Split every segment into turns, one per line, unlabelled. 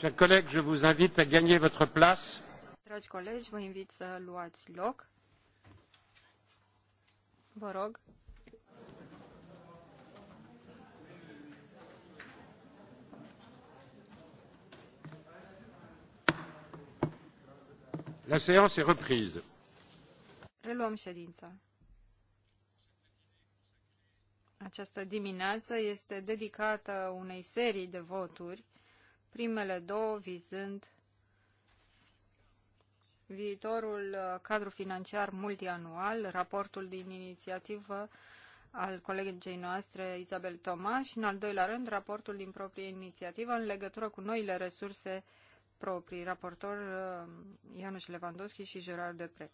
Chers collègues, je vous invite à gagner votre place. Dragi colegi, vă invit să luați loc. Vă rog. La séance est reprise. Reluăm ședința. Această dimineață este dedicată unei serii de voturi primele două vizând viitorul uh, cadru financiar multianual, raportul din inițiativă al colegii noastre Isabel Toma și, în al doilea rând, raportul din proprie inițiativă în legătură cu noile resurse proprii, raportor uh, Ianuș Lewandowski și Gerard Depre.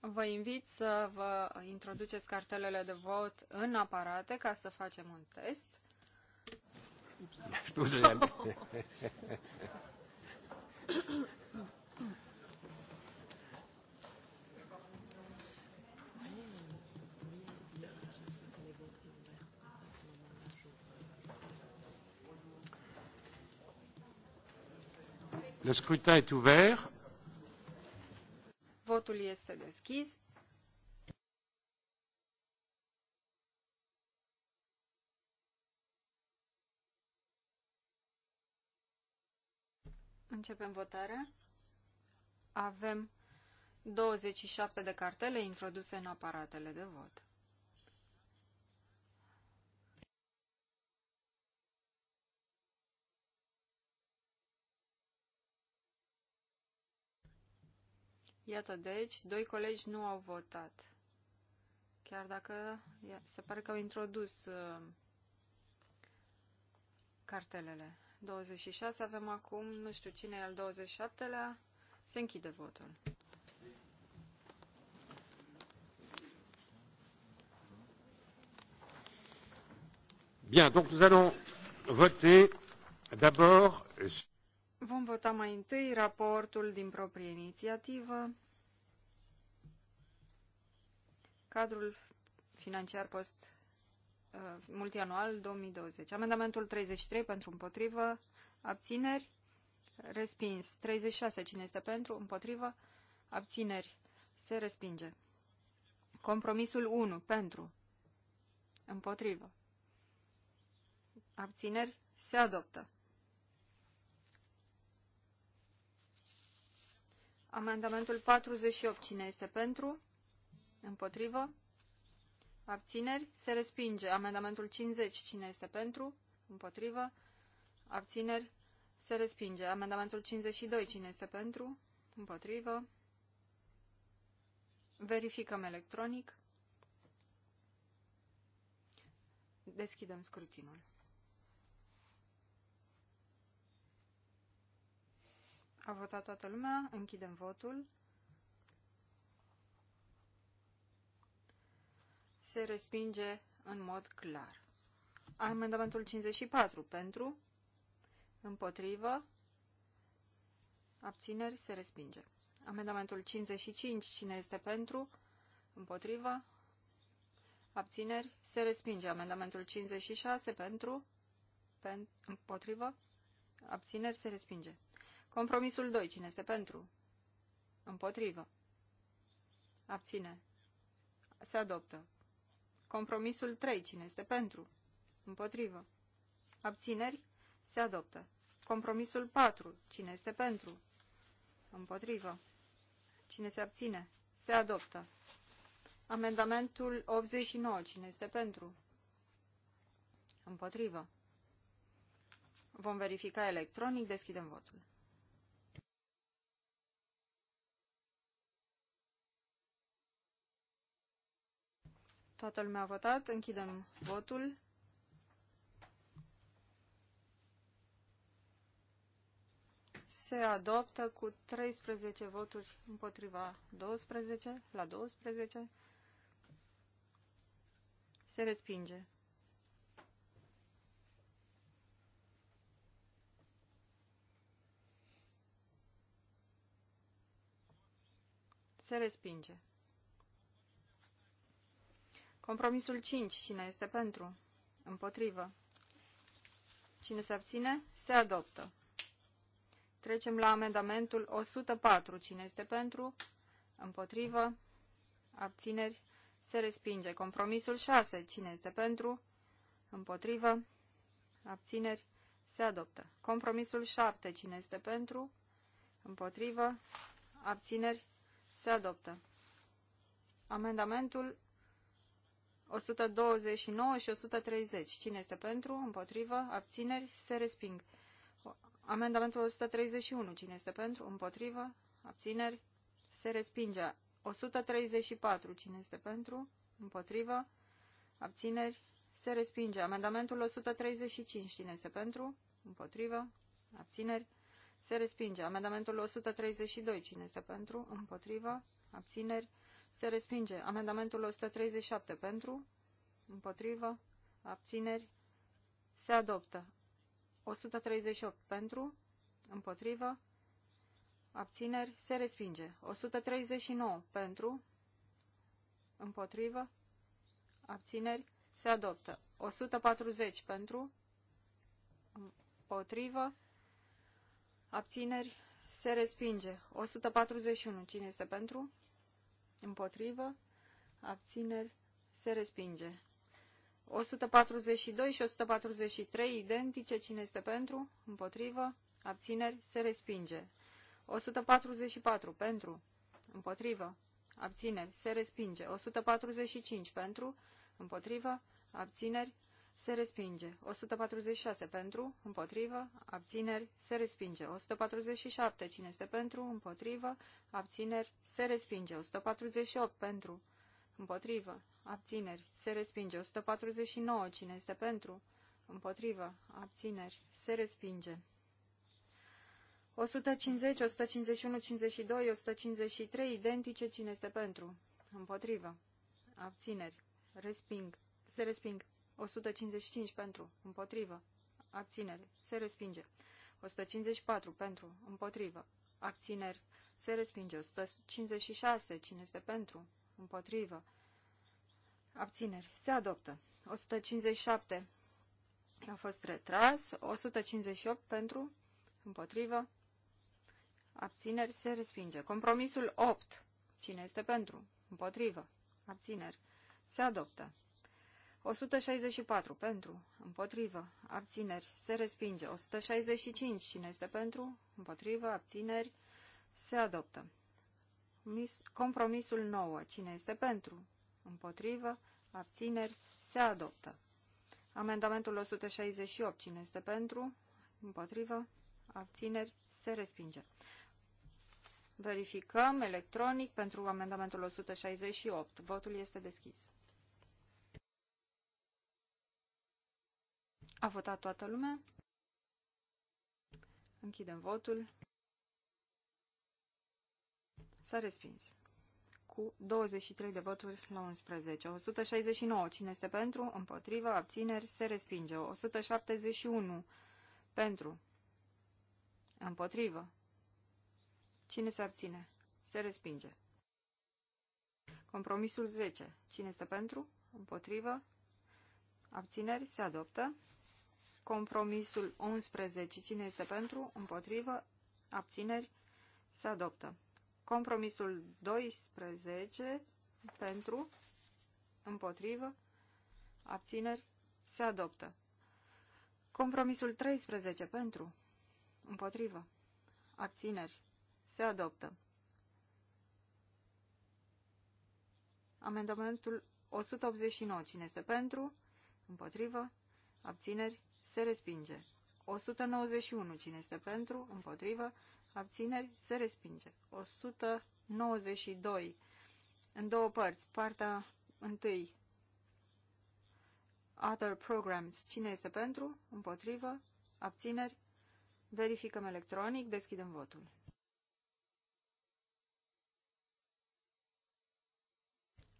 Vă invit să vă introduceți cartelele de vot în aparate ca să facem un test. Scuzele. Le scrutin est ouvert. Votul este deschis. Începem votarea. Avem 27 de cartele introduse în aparatele de vot. Iată, deci, doi colegi nu au votat. Chiar dacă se pare că au introdus uh, cartelele. 26 avem acum, nu știu cine e al 27-lea. Se închide votul. Bien, donc nous allons voter d'abord. Vom vota mai întâi raportul din proprie inițiativă, cadrul financiar post Uh, multianual 2020. Amendamentul 33 pentru împotrivă, abțineri, respins. 36 cine este pentru, împotrivă, abțineri, se respinge. Compromisul 1 pentru, împotrivă, abțineri, se adoptă. Amendamentul 48 cine este pentru, împotrivă, Abțineri? Se respinge. Amendamentul 50. Cine este pentru? Împotrivă. Abțineri? Se respinge. Amendamentul 52. Cine este pentru? Împotrivă. Verificăm electronic. Deschidem scrutinul. A votat toată lumea. Închidem votul. se respinge în mod clar. Amendamentul 54 pentru, împotrivă, abțineri, se respinge. Amendamentul 55, cine este pentru, împotrivă, abțineri, se respinge. Amendamentul 56 pentru, pen, împotrivă, abțineri, se respinge. Compromisul 2, cine este pentru, împotrivă, abțineri, se adoptă. Compromisul 3. Cine este pentru? Împotrivă. Abțineri? Se adoptă. Compromisul 4. Cine este pentru? Împotrivă. Cine se abține? Se adoptă. Amendamentul 89. Cine este pentru? Împotrivă. Vom verifica electronic. Deschidem votul. Toată lumea a votat. Închidem votul. Se adoptă cu 13 voturi împotriva 12 la 12. Se respinge. Se respinge. Compromisul 5. Cine este pentru? Împotrivă. Cine se abține? Se adoptă. Trecem la amendamentul 104. Cine este pentru? Împotrivă. Abțineri. Se respinge. Compromisul 6. Cine este pentru? Împotrivă. Abțineri. Se adoptă. Compromisul 7. Cine este pentru? Împotrivă. Abțineri. Se adoptă. Amendamentul 129 și 130. Cine este pentru? Împotrivă? Abțineri? Se resping. Amendamentul 131. Cine este pentru? Împotrivă? Abțineri? Se respinge. 134. Cine este pentru? Împotrivă? Abțineri? Se respinge. Amendamentul 135. Cine este pentru? Împotrivă? Abțineri? Se respinge. Amendamentul 132. Cine este pentru? Împotrivă? Abțineri? Se respinge. Amendamentul 137 pentru, împotrivă, abțineri, se adoptă. 138 pentru, împotrivă, abțineri, se respinge. 139 pentru, împotrivă, abțineri, se adoptă. 140 pentru, împotrivă, abțineri, se respinge. 141, cine este pentru? împotrivă, abțineri, se respinge. 142 și 143 identice, cine este pentru, împotrivă, abțineri, se respinge. 144 pentru, împotrivă, abțineri, se respinge. 145 pentru, împotrivă, abțineri, se respinge. 146 pentru, împotrivă, abțineri, se respinge. 147, cine este pentru, împotrivă, abțineri, se respinge. 148 pentru, împotrivă, abțineri, se respinge. 149, cine este pentru, împotrivă, abțineri, se respinge. 150, 151, 52, 153, identice, cine este pentru, împotrivă, abțineri, resping, se resping. 155 pentru, împotrivă, abțineri, se respinge. 154 pentru, împotrivă, abțineri, se respinge. 156, cine este pentru, împotrivă, abțineri, se adoptă. 157 a fost retras, 158 pentru, împotrivă, abțineri, se respinge. Compromisul 8, cine este pentru, împotrivă, abțineri, se adoptă. 164 pentru, împotrivă, abțineri, se respinge. 165, cine este pentru, împotrivă, abțineri, se adoptă. Compromisul 9, cine este pentru, împotrivă, abțineri, se adoptă. Amendamentul 168, cine este pentru, împotrivă, abțineri, se respinge. Verificăm electronic pentru amendamentul 168. Votul este deschis. A votat toată lumea? Închidem votul. S-a respins. Cu 23 de voturi la 11. 169. Cine este pentru? Împotrivă. Abțineri. Se respinge. 171. Pentru. Împotrivă. Cine se abține? Se respinge. Compromisul 10. Cine este pentru? Împotrivă. Abțineri. Se adoptă. Compromisul 11. Cine este pentru? Împotrivă? Abțineri? Se adoptă. Compromisul 12. Pentru? Împotrivă? Abțineri? Se adoptă. Compromisul 13. Pentru? Împotrivă? Abțineri? Se adoptă. Amendamentul 189. Cine este pentru? Împotrivă? Abțineri? se respinge. 191. Cine este pentru, împotrivă, abțineri, se respinge. 192. În două părți. Partea întâi. Other programs. Cine este pentru, împotrivă, abțineri, verificăm electronic, deschidem votul.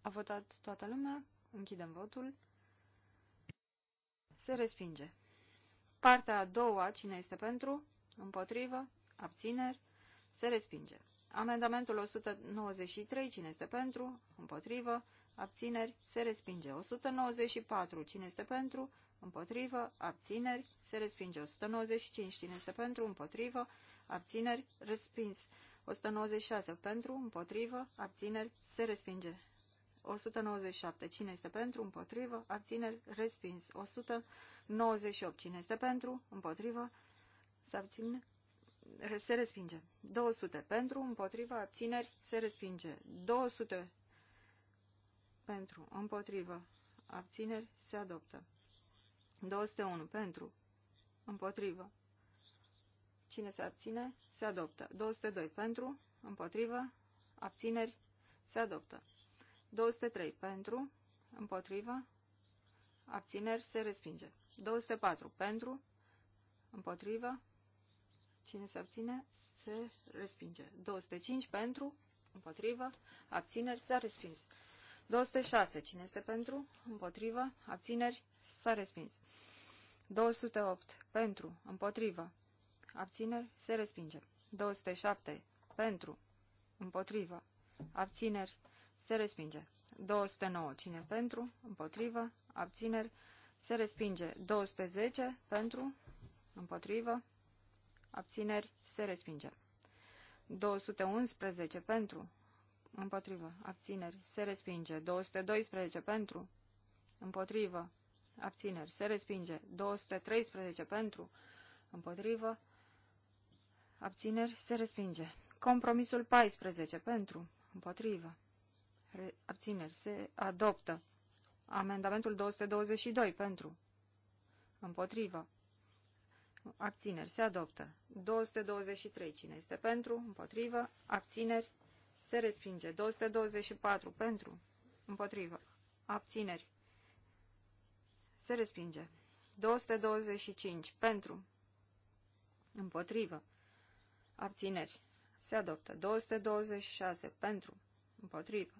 A votat toată lumea, închidem votul. Se respinge. Partea a doua, cine este pentru? Împotrivă? Abțineri? Se respinge. Amendamentul 193, cine este pentru? Împotrivă? Abțineri? Se respinge. 194, cine este pentru? Împotrivă? Abțineri? Se respinge. 195, cine este pentru? Împotrivă? Abțineri? Respins. 196, pentru? Împotrivă? Abțineri? Se respinge. 197. Cine este pentru? Împotrivă. Abțineri. Respins. 198. Cine este pentru? Împotrivă. Se abține. Se respinge. 200. Pentru. Împotrivă. Abțineri. Se respinge. 200. Pentru. Împotrivă. Abțineri. Se adoptă. 201. Pentru. Împotrivă. Cine se abține? Se adoptă. 202. Pentru. Împotrivă. Abțineri. Se adoptă. 203 pentru, împotrivă, abțineri, se respinge. 204 pentru, împotrivă, cine se abține, se respinge. 205 pentru, împotrivă, abțineri, s-a respins. 206, cine este pentru, împotrivă, abțineri, s-a respins. 208, pentru, împotrivă, abțineri, se respinge. 207, pentru, împotrivă, abțineri, se respinge. 209. Cine pentru? Împotrivă. Abțineri. Se respinge. 210. Pentru? Împotrivă. Abțineri. Se respinge. 211. Pentru? Împotrivă. Abțineri. Se respinge. 212. Pentru? Împotrivă. Abțineri. Se respinge. 213. Pentru? Împotrivă. Abțineri. Se respinge. Compromisul 14. Pentru? Împotrivă abțineri, se adoptă. Amendamentul 222 pentru, împotrivă, abțineri, se adoptă. 223, cine este pentru, împotrivă, abțineri, se respinge. 224 pentru, împotrivă, abțineri, se respinge. 225 pentru, împotrivă, abțineri, se adoptă. 226 pentru, împotrivă,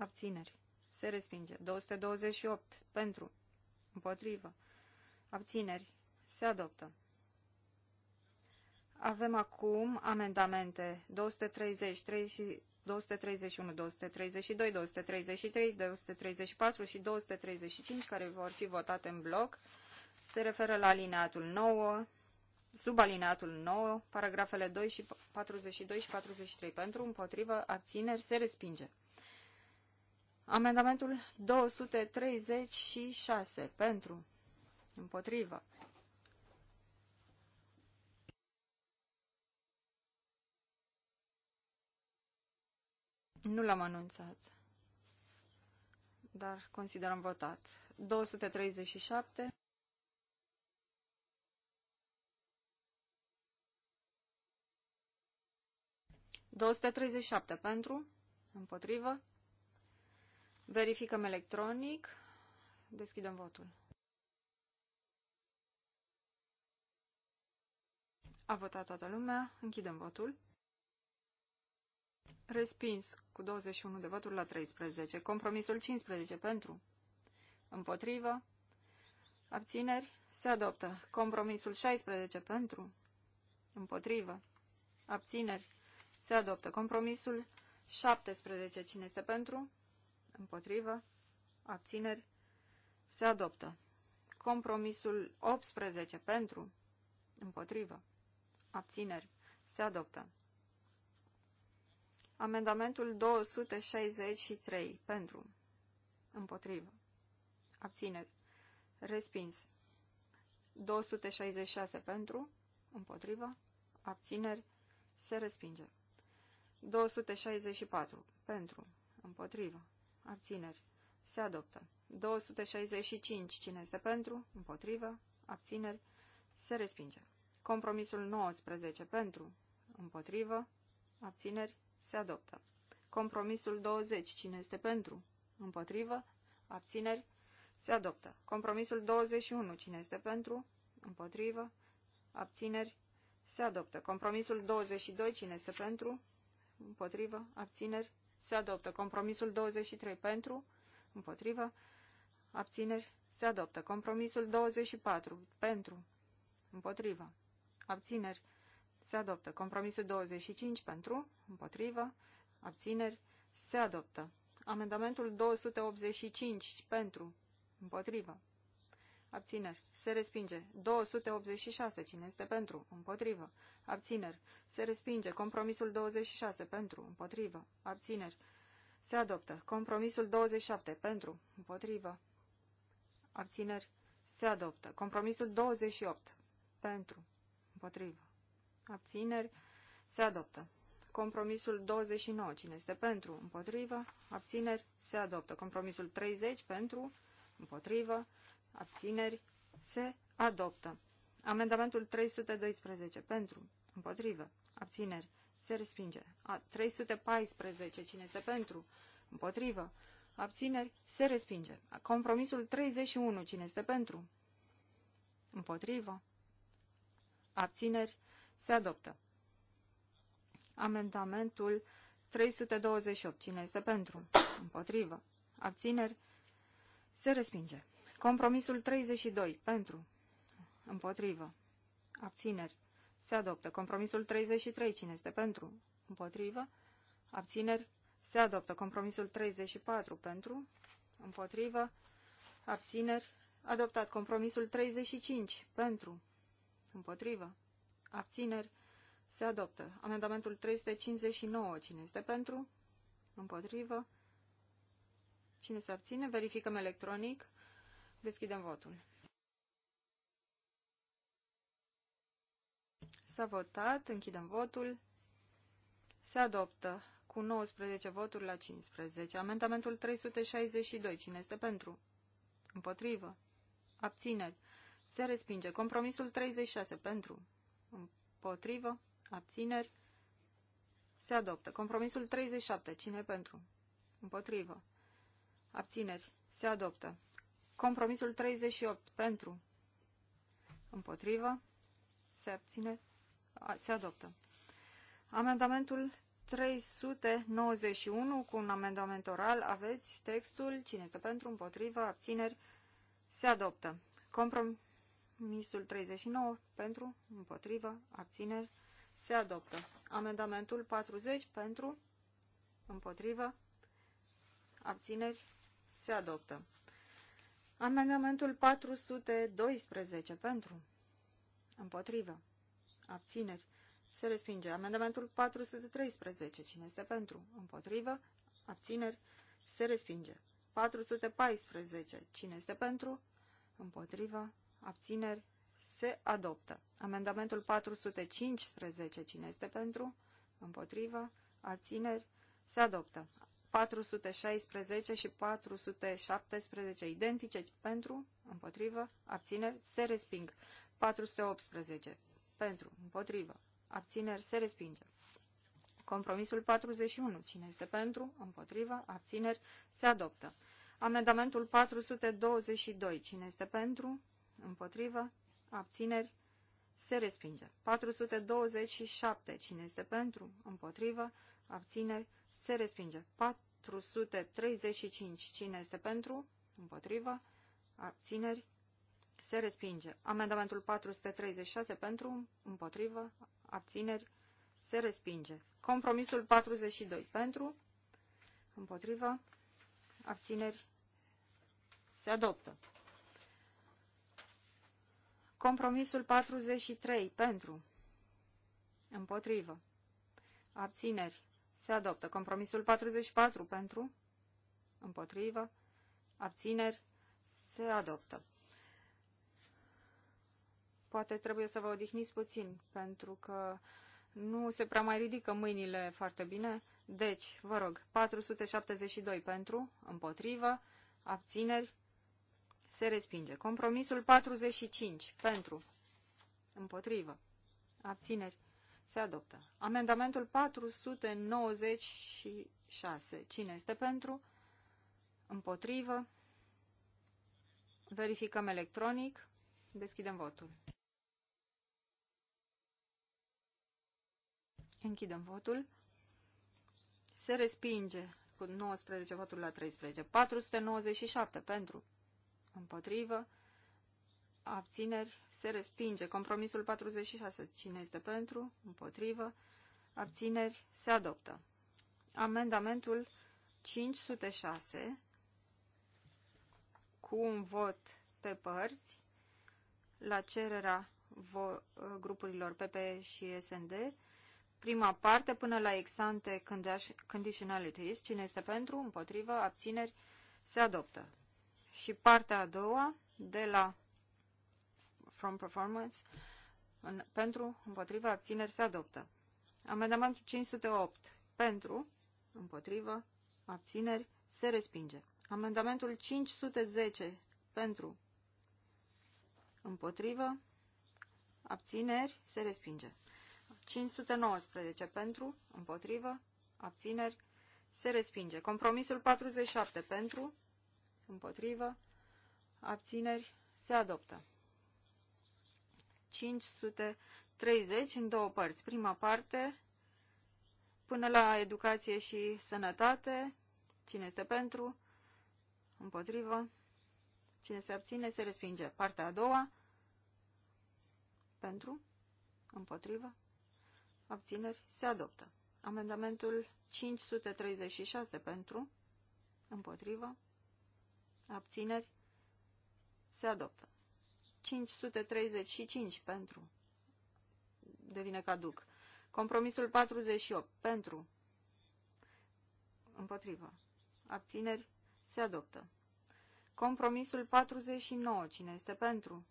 Abțineri. Se respinge. 228. Pentru. Împotrivă. Abțineri. Se adoptă. Avem acum amendamente 230, 30, 231, 232, 233, 234 și 235 care vor fi votate în bloc. Se referă la alineatul 9, subalineatul 9, paragrafele 2 și 42 și 43 pentru, împotrivă, abțineri, se respinge. Amendamentul 236 pentru, împotrivă. Nu l-am anunțat, dar considerăm votat. 237. 37 pentru, împotrivă. Verificăm electronic. Deschidem votul. A votat toată lumea. Închidem votul. Respins cu 21 de voturi la 13. Compromisul 15 pentru. Împotrivă. Abțineri. Se adoptă. Compromisul 16 pentru. Împotrivă. Abțineri. Se adoptă. Compromisul 17. Cine este pentru? împotrivă, abțineri, se adoptă. Compromisul 18 pentru, împotrivă, abțineri, se adoptă. Amendamentul 263 pentru, împotrivă, abțineri, respins. 266 pentru, împotrivă, abțineri, se respinge. 264 pentru, împotrivă, abțineri, se adoptă. 265, cine este pentru, împotrivă, abțineri, se respinge. Compromisul 19, pentru, împotrivă, abțineri, se adoptă. Compromisul 20, cine este pentru, împotrivă, abțineri, se adoptă. Compromisul 21, cine este pentru, împotrivă, abțineri, se adoptă. Compromisul 22, cine este pentru, împotrivă, abțineri, se adoptă. Compromisul 23 pentru, împotrivă, abțineri, se adoptă. Compromisul 24 pentru, împotrivă, abțineri, se adoptă. Compromisul 25 pentru, împotrivă, abțineri, se adoptă. Amendamentul 285 pentru, împotrivă, Abțineri. Se respinge. 286. Cine este pentru? Împotrivă. Abțineri. Se respinge. Compromisul 26. Pentru. Împotrivă. Abțineri. Se adoptă. Compromisul 27. Pentru. Împotrivă. Abțineri. Se adoptă. Compromisul 28. Pentru. Împotrivă. Abțineri. Se adoptă. Compromisul 29. Cine este pentru? Împotrivă. Abțineri. Se adoptă. Compromisul 30. Pentru. Împotrivă abțineri, se adoptă. Amendamentul 312 pentru, împotrivă, abțineri, se respinge. A, 314, cine este pentru, împotrivă, abțineri, se respinge. Compromisul 31, cine este pentru, împotrivă, abțineri, se adoptă. Amendamentul 328, cine este pentru, împotrivă, abțineri, se respinge. Compromisul 32. Pentru. Împotrivă. Abțineri. Se adoptă. Compromisul 33. Cine este pentru? Împotrivă. Abțineri. Se adoptă. Compromisul 34. Pentru. Împotrivă. Abțineri. Adoptat. Compromisul 35. Pentru. Împotrivă. Abțineri. Se adoptă. Amendamentul 359. Cine este pentru? Împotrivă. Cine se abține? Verificăm electronic. Deschidem votul. S-a votat, închidem votul. Se adoptă cu 19 voturi la 15. Amendamentul 362. Cine este pentru? Împotrivă. Abțineri. Se respinge. Compromisul 36. Pentru. Împotrivă. Abțineri. Se adoptă. Compromisul 37. Cine pentru? Împotrivă. Abțineri. Se adoptă. Compromisul 38. Pentru. Împotrivă. Se abține. A, se adoptă. Amendamentul 391 cu un amendament oral. Aveți textul. Cine este pentru, împotrivă, abțineri. Se adoptă. Compromisul 39 pentru, împotrivă, abțineri. Se adoptă. Amendamentul 40 pentru, împotrivă, abțineri. Se adoptă. Amendamentul 412 pentru. Împotrivă. Abțineri. Se respinge. Amendamentul 413. Cine este pentru? Împotrivă. Abțineri. Se respinge. 414. Cine este pentru? Împotrivă. Abțineri. Se adoptă. Amendamentul 415. Cine este pentru? Împotrivă. Abțineri. Se adoptă. 416 și 417 identice pentru, împotrivă, abțineri, se resping. 418 pentru, împotrivă, abțineri, se respinge. Compromisul 41. Cine este pentru, împotrivă, abțineri, se adoptă. Amendamentul 422. Cine este pentru, împotrivă, abțineri, se respinge. 427. Cine este pentru, împotrivă, abțineri, se respinge. 435. Cine este pentru? Împotrivă. Abțineri. Se respinge. Amendamentul 436 pentru, împotrivă, abțineri, se respinge. Compromisul 42 pentru, împotrivă, abțineri, se adoptă. Compromisul 43 pentru, împotrivă, abțineri, se adoptă. Compromisul 44 pentru, împotrivă, abțineri, se adoptă. Poate trebuie să vă odihniți puțin, pentru că nu se prea mai ridică mâinile foarte bine. Deci, vă rog, 472 pentru, împotrivă, abțineri, se respinge. Compromisul 45 pentru, împotrivă, abțineri, se adoptă. Amendamentul 496. Cine este pentru? Împotrivă. Verificăm electronic. Deschidem votul. Închidem votul. Se respinge cu 19 voturi la 13. 497 pentru. Împotrivă abțineri, se respinge. Compromisul 46, cine este pentru, împotrivă, abțineri, se adoptă. Amendamentul 506, cu un vot pe părți, la cererea grupurilor PP și SND, prima parte până la exante conditionalities, cine este pentru, împotrivă, abțineri, se adoptă. Și partea a doua, de la from performance în, pentru, împotriva, abțineri se adoptă. Amendamentul 508 pentru, împotriva, abțineri se respinge. Amendamentul 510 pentru, împotriva abțineri se respinge. 519 pentru, împotriva abțineri se respinge. Compromisul 47 pentru, împotriva abțineri se adoptă. 530 în două părți. Prima parte până la educație și sănătate. Cine este pentru? Împotrivă. Cine se abține, se respinge. Partea a doua. Pentru. Împotrivă. Abțineri. Se adoptă. Amendamentul 536 pentru. Împotrivă. Abțineri. Se adoptă. 535 pentru. Devine caduc. Compromisul 48 pentru. Împotrivă. Abțineri se adoptă. Compromisul 49. Cine este pentru?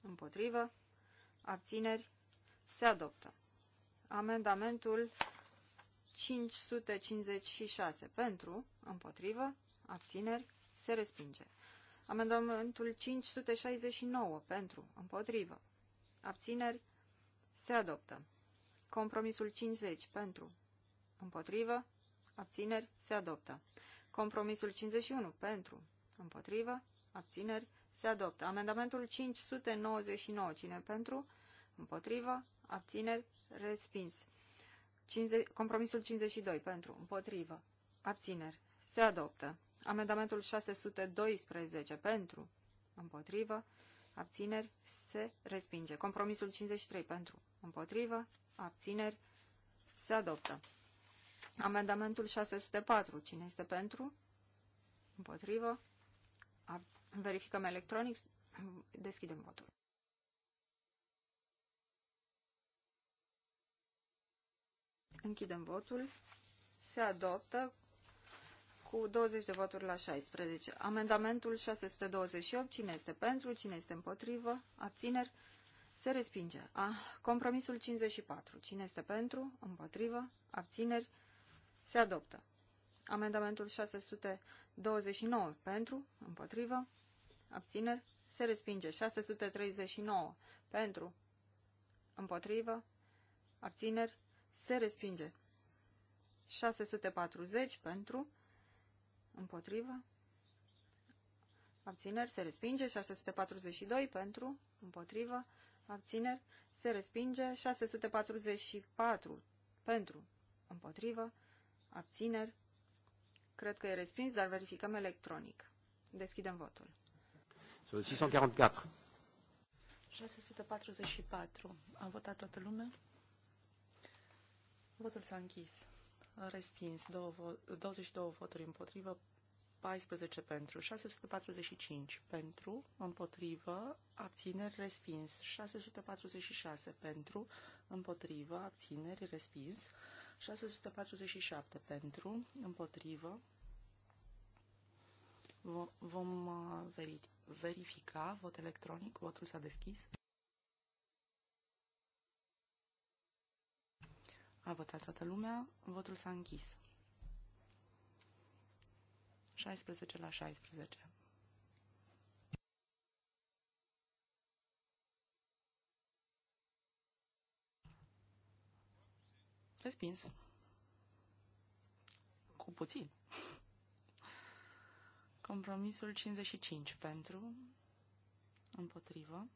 Împotrivă. Abțineri se adoptă. Amendamentul 556 pentru, împotrivă, abțineri, se respinge. Amendamentul 569 pentru, împotrivă. Abțineri se adoptă. Compromisul 50 pentru, împotrivă. Abțineri se adoptă. Compromisul 51 pentru, împotrivă. Abțineri se adoptă. Amendamentul 599 cine pentru, împotrivă. Abțineri respins. 50, compromisul 52 pentru, împotrivă. Abțineri se adoptă. Amendamentul 612 pentru, împotrivă, abțineri, se respinge. Compromisul 53 pentru, împotrivă, abțineri, se adoptă. Amendamentul 604, cine este pentru, împotrivă, verificăm electronic, deschidem votul. Închidem votul. Se adoptă cu 20 de voturi la 16. Amendamentul 628, cine este pentru, cine este împotrivă, abțineri, se respinge. A, compromisul 54, cine este pentru, împotrivă, abțineri, se adoptă. Amendamentul 629, pentru, împotrivă, abțineri, se respinge. 639, pentru, împotrivă, abțineri, se respinge. 640 pentru, împotrivă, abțineri, se respinge, 642 pentru, împotrivă, abțineri, se respinge, 644 pentru, împotrivă, abțineri, cred că e respins, dar verificăm electronic. Deschidem votul. 644. 644. A votat toată lumea?
Votul s-a închis respins, 22 voturi împotrivă, 14 pentru, 645 pentru, împotrivă, abțineri, respins, 646 pentru, împotrivă, abțineri, respins, 647 pentru, împotrivă, vom uh, verifica vot electronic, votul s-a deschis. A votat toată lumea. Votul s-a închis. 16 la 16. Respins. Cu puțin. Compromisul 55 pentru, împotrivă,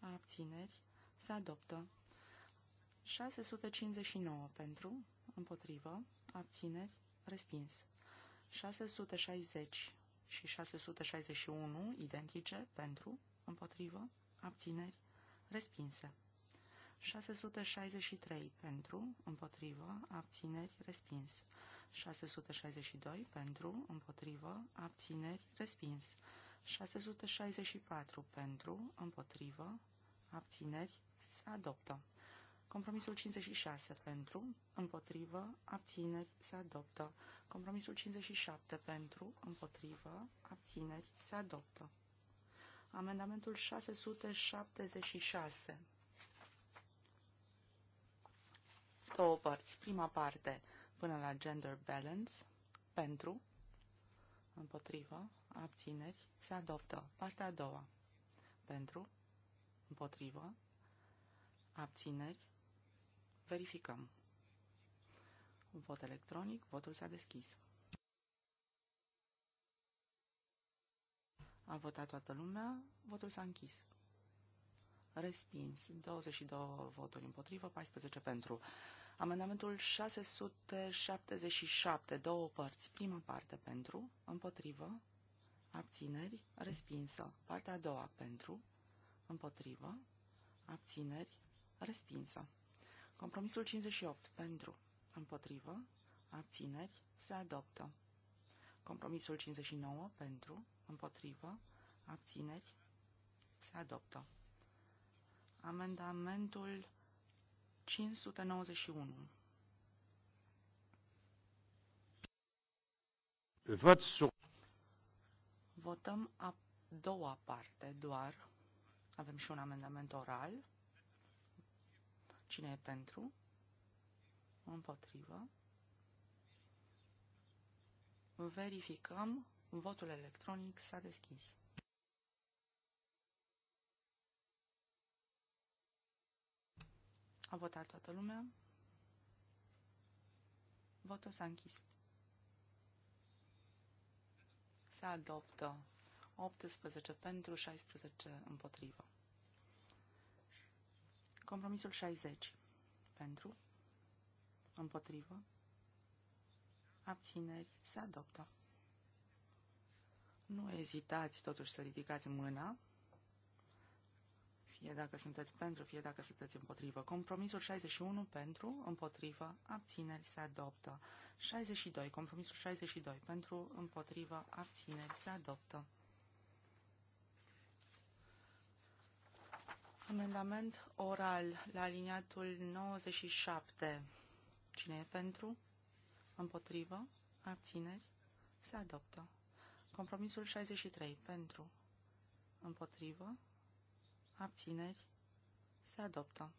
abțineri, se adoptă. 659 pentru, împotrivă, abțineri, respins. 660 și 661 identice pentru, împotrivă, abțineri, respinse. 663 pentru, împotrivă, abțineri, respins. 662 pentru, împotrivă, abțineri, respins. 664 pentru, împotrivă, abțineri, se adoptă. Compromisul 56 pentru, împotrivă, abțineri, se adoptă. Compromisul 57 pentru, împotrivă, abțineri, se adoptă. Amendamentul 676. Două părți. Prima parte până la gender balance, pentru, împotrivă, abțineri, se adoptă. Partea a doua, pentru, împotrivă, abțineri, Verificăm. Vot electronic, votul s-a deschis. A votat toată lumea, votul s-a închis. Respins. 22 voturi împotrivă, 14 pentru. Amendamentul 677, două părți. Prima parte pentru, împotrivă, abțineri, respinsă. Partea a doua pentru, împotrivă, abțineri, respinsă. Compromisul 58 pentru, împotrivă, abțineri, se adoptă. Compromisul 59 pentru, împotrivă, abțineri, se adoptă. Amendamentul 591.
Vot sur...
Votăm a doua parte doar. Avem și un amendament oral Cine e pentru? Împotrivă. Verificăm. Votul electronic s-a deschis. A votat toată lumea. Votul s-a închis. Se adoptă 18 pentru, 16 împotrivă. Compromisul 60. Pentru. Împotrivă. Abțineri. Se adoptă. Nu ezitați totuși să ridicați mâna, fie dacă sunteți pentru, fie dacă sunteți împotrivă. Compromisul 61 pentru, împotrivă, abțineri se adoptă. 62. Compromisul 62 pentru, împotrivă, abțineri se adoptă. Amendament oral la aliniatul 97. Cine e pentru? Împotrivă? Abțineri? Se adoptă. Compromisul 63. Pentru? Împotrivă? Abțineri? Se adoptă.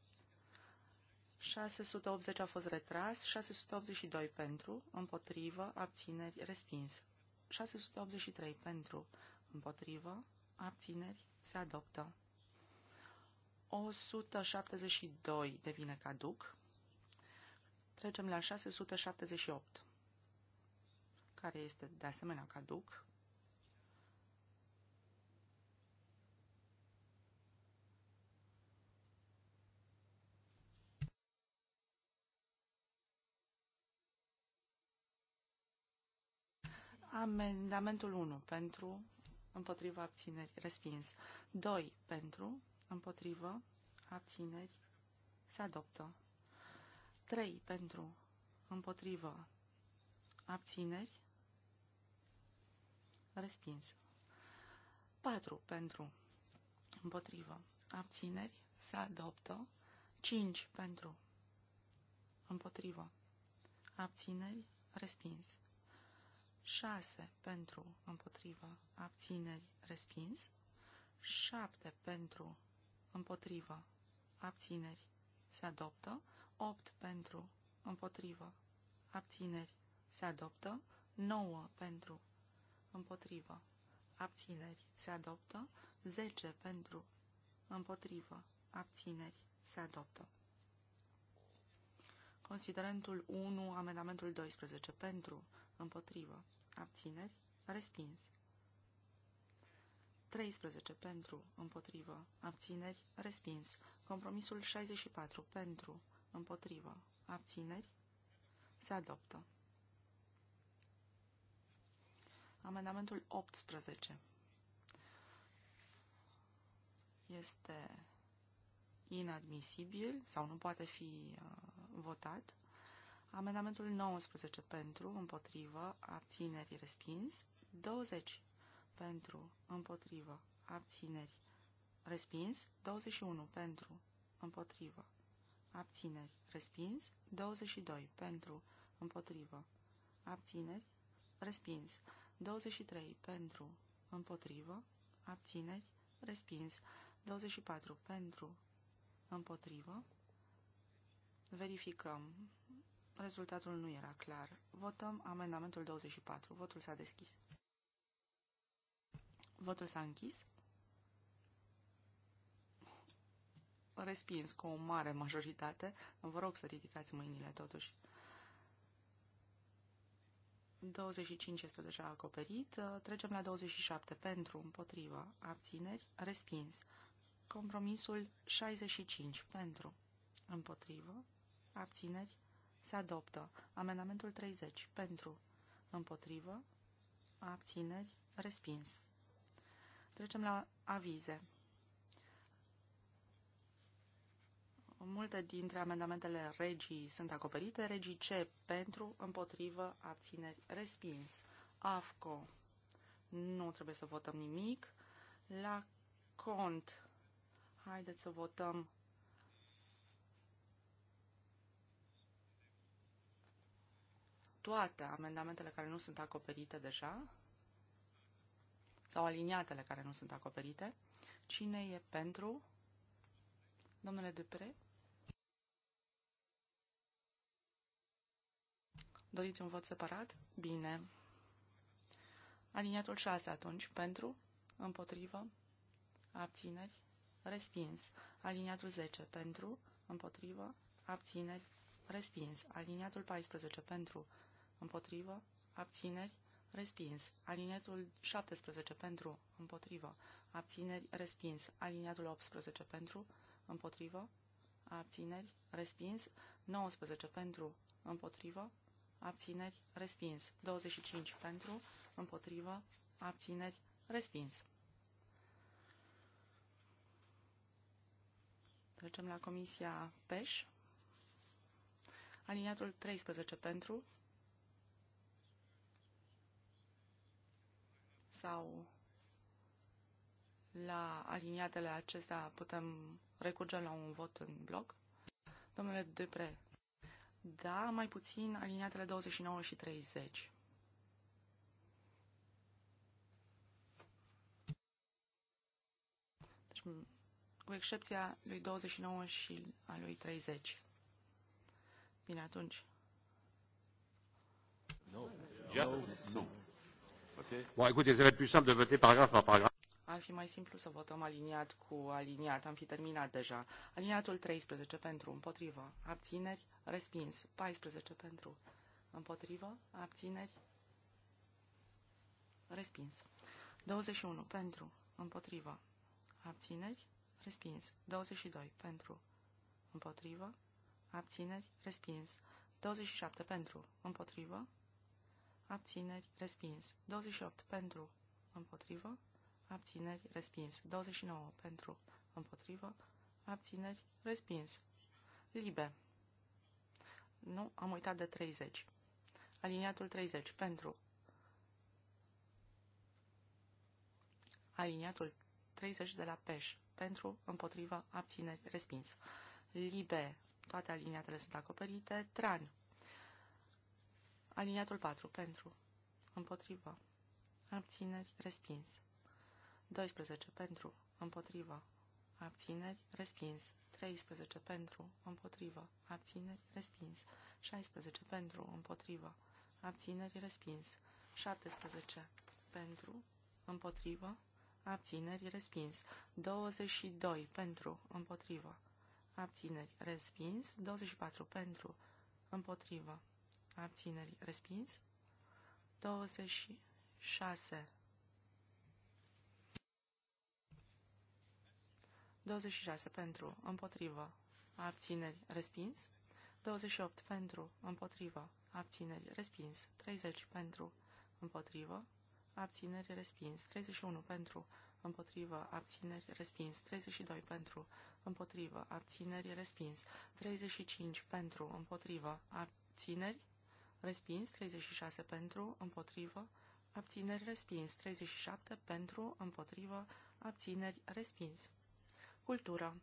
680 a fost retras, 682 pentru, împotrivă, abțineri, respins. 683 pentru, împotrivă, abțineri, se adoptă. 172 devine caduc. Trecem la 678, care este de asemenea caduc. Amendamentul 1 pentru, împotriva abțineri, respins. 2 pentru, împotrivă, abțineri, se adoptă. 3 pentru, împotrivă, abțineri, respins. 4 pentru, împotrivă, abțineri, se adoptă. 5 pentru, împotrivă, abțineri, respins. 6 pentru, împotrivă, abțineri, respins. 7 pentru, împotrivă, abțineri, se adoptă. 8 pentru, împotrivă, abțineri, se adoptă. 9 pentru, împotrivă, abțineri, se adoptă. 10 pentru, împotrivă, abțineri, se adoptă. Considerentul 1, amendamentul 12, pentru, împotrivă, abțineri, respins. 13 pentru, împotrivă, abțineri, respins. Compromisul 64 pentru, împotrivă, abțineri, se adoptă. Amendamentul 18 este inadmisibil sau nu poate fi uh, votat. Amendamentul 19 pentru, împotrivă, abțineri, respins. 20 pentru, împotrivă, abțineri, respins. 21 pentru, împotrivă, abțineri, respins. 22 pentru, împotrivă, abțineri, respins. 23 pentru, împotrivă, abțineri, respins. 24 pentru, împotrivă. Verificăm. Rezultatul nu era clar. Votăm amendamentul 24. Votul s-a deschis. Votul s-a închis. Respins cu o mare majoritate. Vă rog să ridicați mâinile totuși. 25 este deja acoperit. Trecem la 27. Pentru, împotriva, abțineri, respins. Compromisul 65. Pentru, împotrivă, abțineri, se adoptă. Amendamentul 30. Pentru, împotrivă, abțineri, respins. Trecem la avize. Multe dintre amendamentele regii sunt acoperite. Regii C pentru, împotrivă, abțineri, respins. AFCO nu trebuie să votăm nimic. La cont, haideți să votăm toate amendamentele care nu sunt acoperite deja sau aliniatele care nu sunt acoperite. Cine e pentru? Domnule Dupre? Doriți un vot separat? Bine. Aliniatul 6 atunci. Pentru? Împotrivă? Abțineri? Respins. Aliniatul 10. Pentru? Împotrivă? Abțineri? Respins. Aliniatul 14. Pentru? Împotrivă? Abțineri? respins. Alinetul 17 pentru, împotrivă, abțineri, respins. Alinetul 18 pentru, împotrivă, abțineri, respins. 19 pentru, împotrivă, abțineri, respins. 25 pentru, împotrivă, abțineri, respins. Trecem la Comisia PEș. Aliniatul 13 pentru, sau la aliniatele acestea putem recurge la un vot în bloc? Domnule Dupre, da, mai puțin aliniatele 29 și 30. Deci, cu excepția lui 29 și a lui 30. Bine, atunci.
No. Just, no. no. Okay. Bon, écoutez, ça va être plus simple de voter paragraphe par paragraphe.
Ar fi mai simplu să votăm aliniat cu aliniat. Am fi terminat deja. Aliniatul 13 pentru, împotrivă, abțineri, respins. 14 pentru, împotrivă, abțineri, respins. 21 pentru, împotrivă, abțineri, respins. 22 pentru, împotrivă, abțineri, respins. 27 pentru, împotrivă, abțineri, respins. 28 pentru, împotrivă, abțineri, respins. 29 pentru, împotrivă, abțineri, respins. Libe. Nu, am uitat de 30. Aliniatul 30 pentru. Aliniatul 30 de la peș pentru, împotrivă, abțineri, respins. Libe. Toate aliniatele sunt acoperite. Tran Aliniatul 4. Pentru. Împotrivă. Abțineri. Respins. 12. Pentru. Împotrivă. Abțineri. Respins. 13. Pentru. Împotrivă. Abțineri. Respins. 16. Pentru. Împotrivă. Abțineri. Respins. 17. Pentru. Împotrivă. Abțineri. Respins. 22. Pentru. Împotrivă. Abțineri. Respins. 24. Pentru. Împotrivă abțineri, respins. 26. 26 pentru, împotrivă, abțineri, respins. 28 pentru, împotrivă, abțineri, respins. 30 pentru, împotrivă, abțineri, respins. 31 pentru, împotrivă, abțineri, respins. 32 pentru, împotrivă, abțineri, respins. 35 pentru, împotrivă, abțineri, respins, 36 pentru, împotrivă, abțineri, respins, 37 pentru, împotrivă, abțineri, respins. Cultură.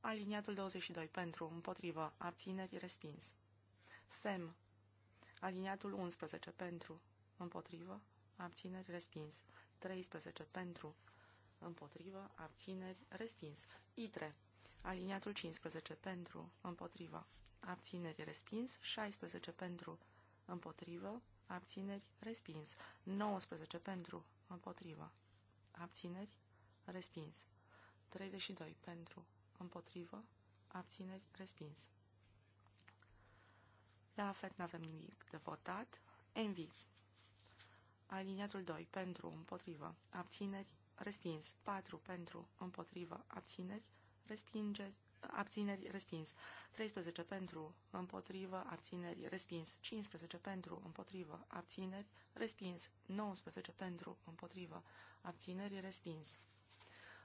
Aliniatul 22 pentru, împotrivă, abțineri, respins. FEM. Aliniatul 11 pentru, împotrivă, abțineri, respins. 13 pentru, împotrivă, abțineri, respins. ITRE. Aliniatul 15 pentru, împotriva, abțineri, respins. 16 pentru, împotrivă, abțineri, respins. 19 pentru, împotrivă, abțineri, respins. 32 pentru, împotrivă, abțineri, respins. La afet nu avem nimic de votat. Envi. Aliniatul 2 pentru, împotrivă, abțineri, respins. 4 pentru, împotrivă, abțineri, respingeri, abțineri, respins. 13 pentru, împotrivă, abțineri, respins. 15 pentru, împotrivă, abțineri, respins. 19 pentru, împotrivă, abțineri, respins.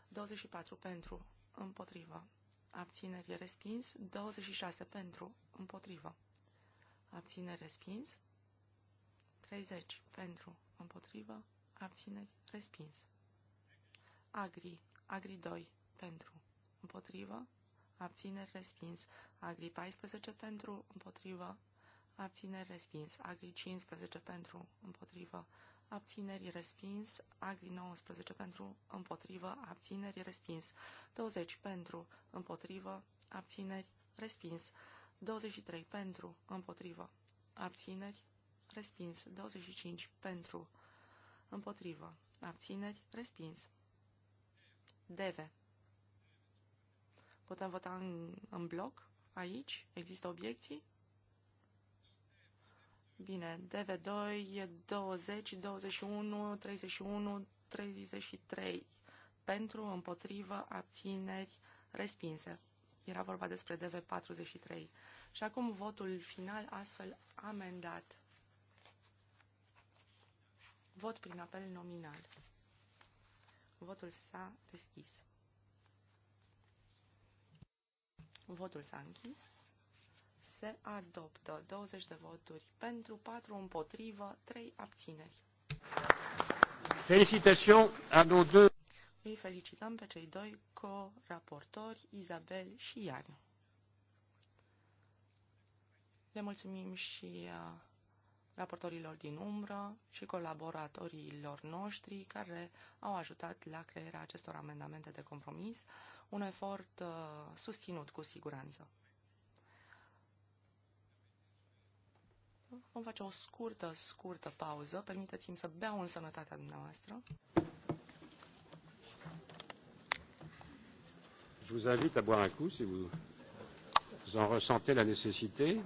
24 pentru, împotrivă, abțineri, respins. 26 pentru, împotrivă, abțineri, respins. 30 pentru, împotrivă, abțineri, respins. Agri, agri 2, pentru, împotrivă, abțineri respins. Agri 14 pentru, împotrivă, abțineri respins. Agri 15 pentru, împotrivă, abțineri respins. Agri 19 pentru, împotrivă, abțineri respins. 20 pentru, împotrivă, abțineri respins. 23 pentru, împotrivă, abțineri respins. 25 pentru, împotrivă, abțineri respins. Deve Putem vota în, în bloc aici? Există obiecții? Bine, DV2, e 20, 21, 31, 33. Pentru, împotrivă, abțineri, respinse. Era vorba despre DV43. Și acum votul final astfel amendat. Vot prin apel nominal. Votul s-a deschis. Votul s-a închis. Se adoptă 20 de voturi pentru, 4 împotrivă, 3 abțineri.
Felicitări
Îi felicităm pe cei doi co-raportori, Izabel și Ian. Le mulțumim și uh, raportorilor din umbră și colaboratorilor noștri care au ajutat la crearea acestor amendamente de compromis un efort uh, susținut cu siguranță. Vom face o scurtă, scurtă pauză. Permiteți-mi să beau în sănătatea dumneavoastră.
Je vous invite à boire un coup si vous, vous en ressentez la nécessité.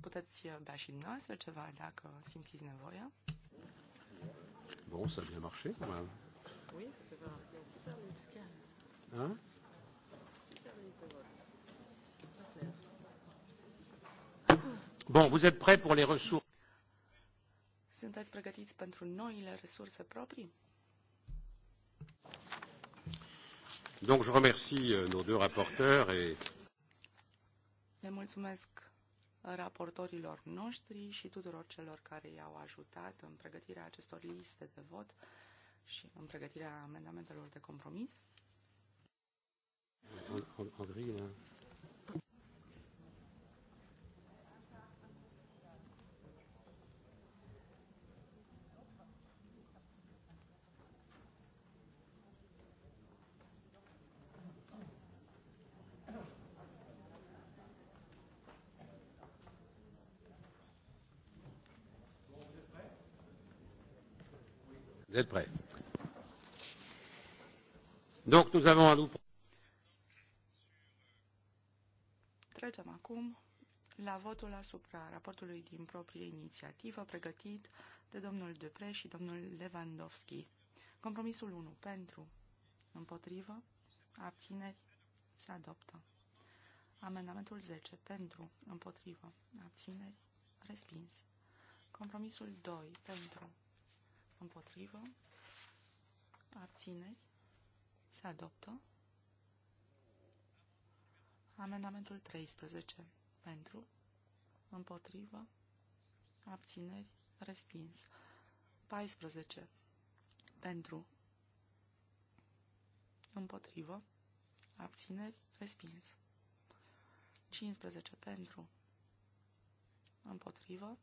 Puteți uh, bea și dumneavoastră ceva dacă simțiți nevoia.
Bon, ça a bien marché quand même.
Oui, ça fait pas un super, en tout cas. Bun, da? Bon, vous êtes prêts pour les ressources Sunteți pregătiți pentru noile resurse proprii?
Donc je remercie euh, nos deux rapporteurs et
Le mulțumesc raportorilor noștri și tuturor celor care i-au ajutat în pregătirea acestor liste de vot și în pregătirea amendamentelor de compromis.
Vous êtes prêts Donc nous avons à nous...
Trecem acum la votul asupra raportului din proprie inițiativă pregătit de domnul Depre și domnul Lewandowski. Compromisul 1. Pentru. Împotrivă. Abțineri. Se adoptă. Amendamentul 10. Pentru. Împotrivă. Abțineri. Respins. Compromisul 2. Pentru. Împotrivă. Abțineri. Se adoptă. Amendamentul 13. Pentru. Împotrivă. Abțineri. Respins. 14. Pentru. Împotrivă. Abțineri. Respins. 15. Pentru. Împotrivă.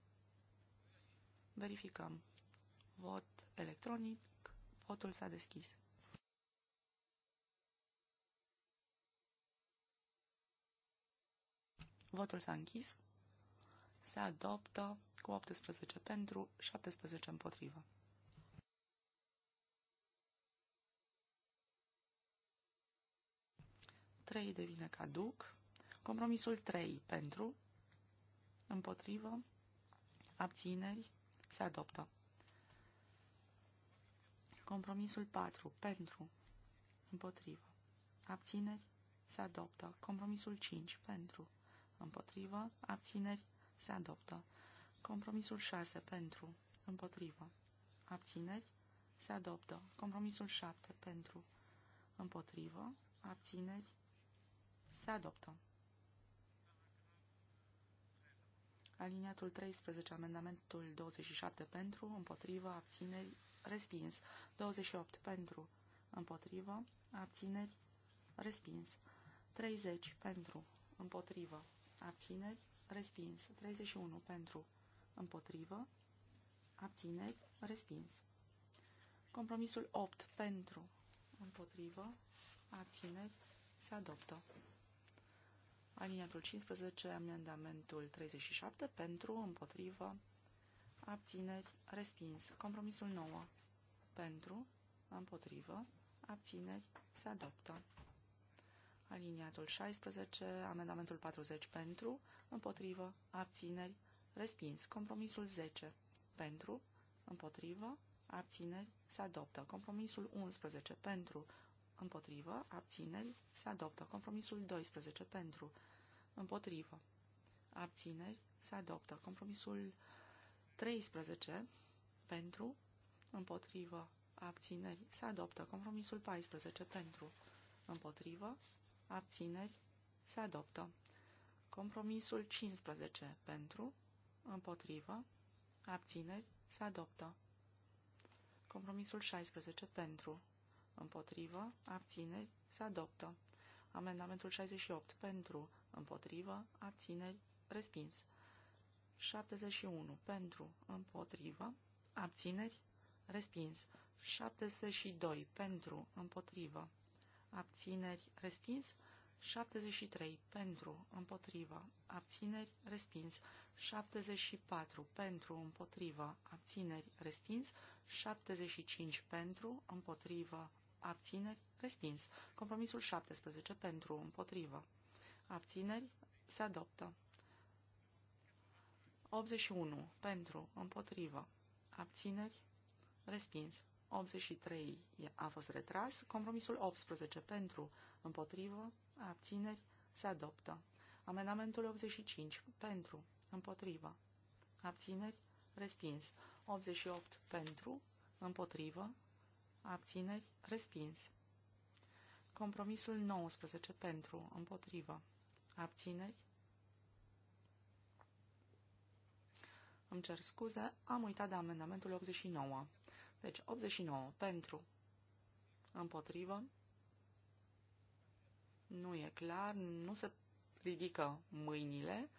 Verificăm. Vot electronic. Votul s-a deschis. Votul s-a închis. Se adoptă cu 18 pentru, 17 împotrivă. Trei devine caduc. Compromisul 3 pentru, împotrivă, abțineri, se adoptă. Compromisul 4 pentru, împotrivă, abțineri, se adoptă. Compromisul 5 pentru, împotrivă, abțineri, se adoptă. Compromisul 6 pentru, împotrivă, abțineri, se adoptă. Compromisul 7 pentru, împotrivă, abțineri, se adoptă. Aliniatul 13, amendamentul 27 pentru, împotrivă, abțineri, respins. 28 pentru, împotrivă, abțineri, respins. 30 pentru, împotrivă, abțineri, respins. 31 pentru, împotrivă, abțineri, respins. Compromisul 8 pentru, împotrivă, abțineri, se adoptă. Aliniatul 15, amendamentul 37 pentru, împotrivă, abțineri, respins. Compromisul 9 pentru, împotrivă, abțineri, se adoptă. Aliniatul 16, amendamentul 40 pentru, împotrivă, abțineri, respins. Compromisul 10 pentru, împotrivă, abțineri, se adoptă. Compromisul 11 pentru, împotrivă, abțineri, se adoptă. Compromisul 12 pentru, împotrivă, abțineri, se adoptă. Compromisul 13 pentru, împotrivă, abțineri, se adoptă. Compromisul 14 pentru, împotrivă, abțineri, se adoptă. Compromisul 15 pentru, împotrivă, abțineri, se adoptă. Compromisul 16 pentru, împotrivă, abțineri, se adoptă. Amendamentul 68 pentru, împotrivă, abțineri, respins. 71 pentru, împotrivă, abțineri, respins. 72 pentru, împotrivă, abțineri, respins. 73 pentru, împotrivă, abțineri, respins. 74 pentru, împotrivă, abțineri, respins. 75 pentru, împotrivă, abțineri, respins. Compromisul 17 pentru, împotrivă, abțineri, se adoptă. 81 pentru, împotrivă, abțineri, respins. 83 a fost retras. Compromisul 18 pentru, împotrivă, abțineri, se adoptă. Amendamentul 85 pentru, împotrivă, abțineri, respins. 88 pentru, împotrivă, abțineri, respins. Compromisul 19 pentru, împotrivă, abțineri, Îmi cer scuze, am uitat de amendamentul 89. Deci 89 pentru, împotrivă, nu e clar, nu se ridică mâinile,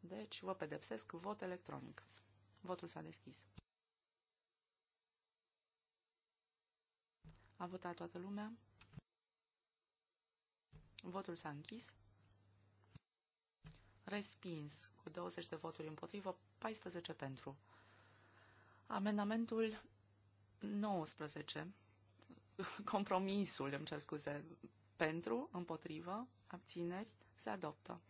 deci vă pedepsesc vot electronic. Votul s-a deschis. A votat toată lumea. Votul s-a închis. Respins cu 20 de voturi împotrivă, 14 pentru. Amendamentul 19. Compromisul, îmi cer scuze, pentru, împotrivă, abțineri, se adoptă.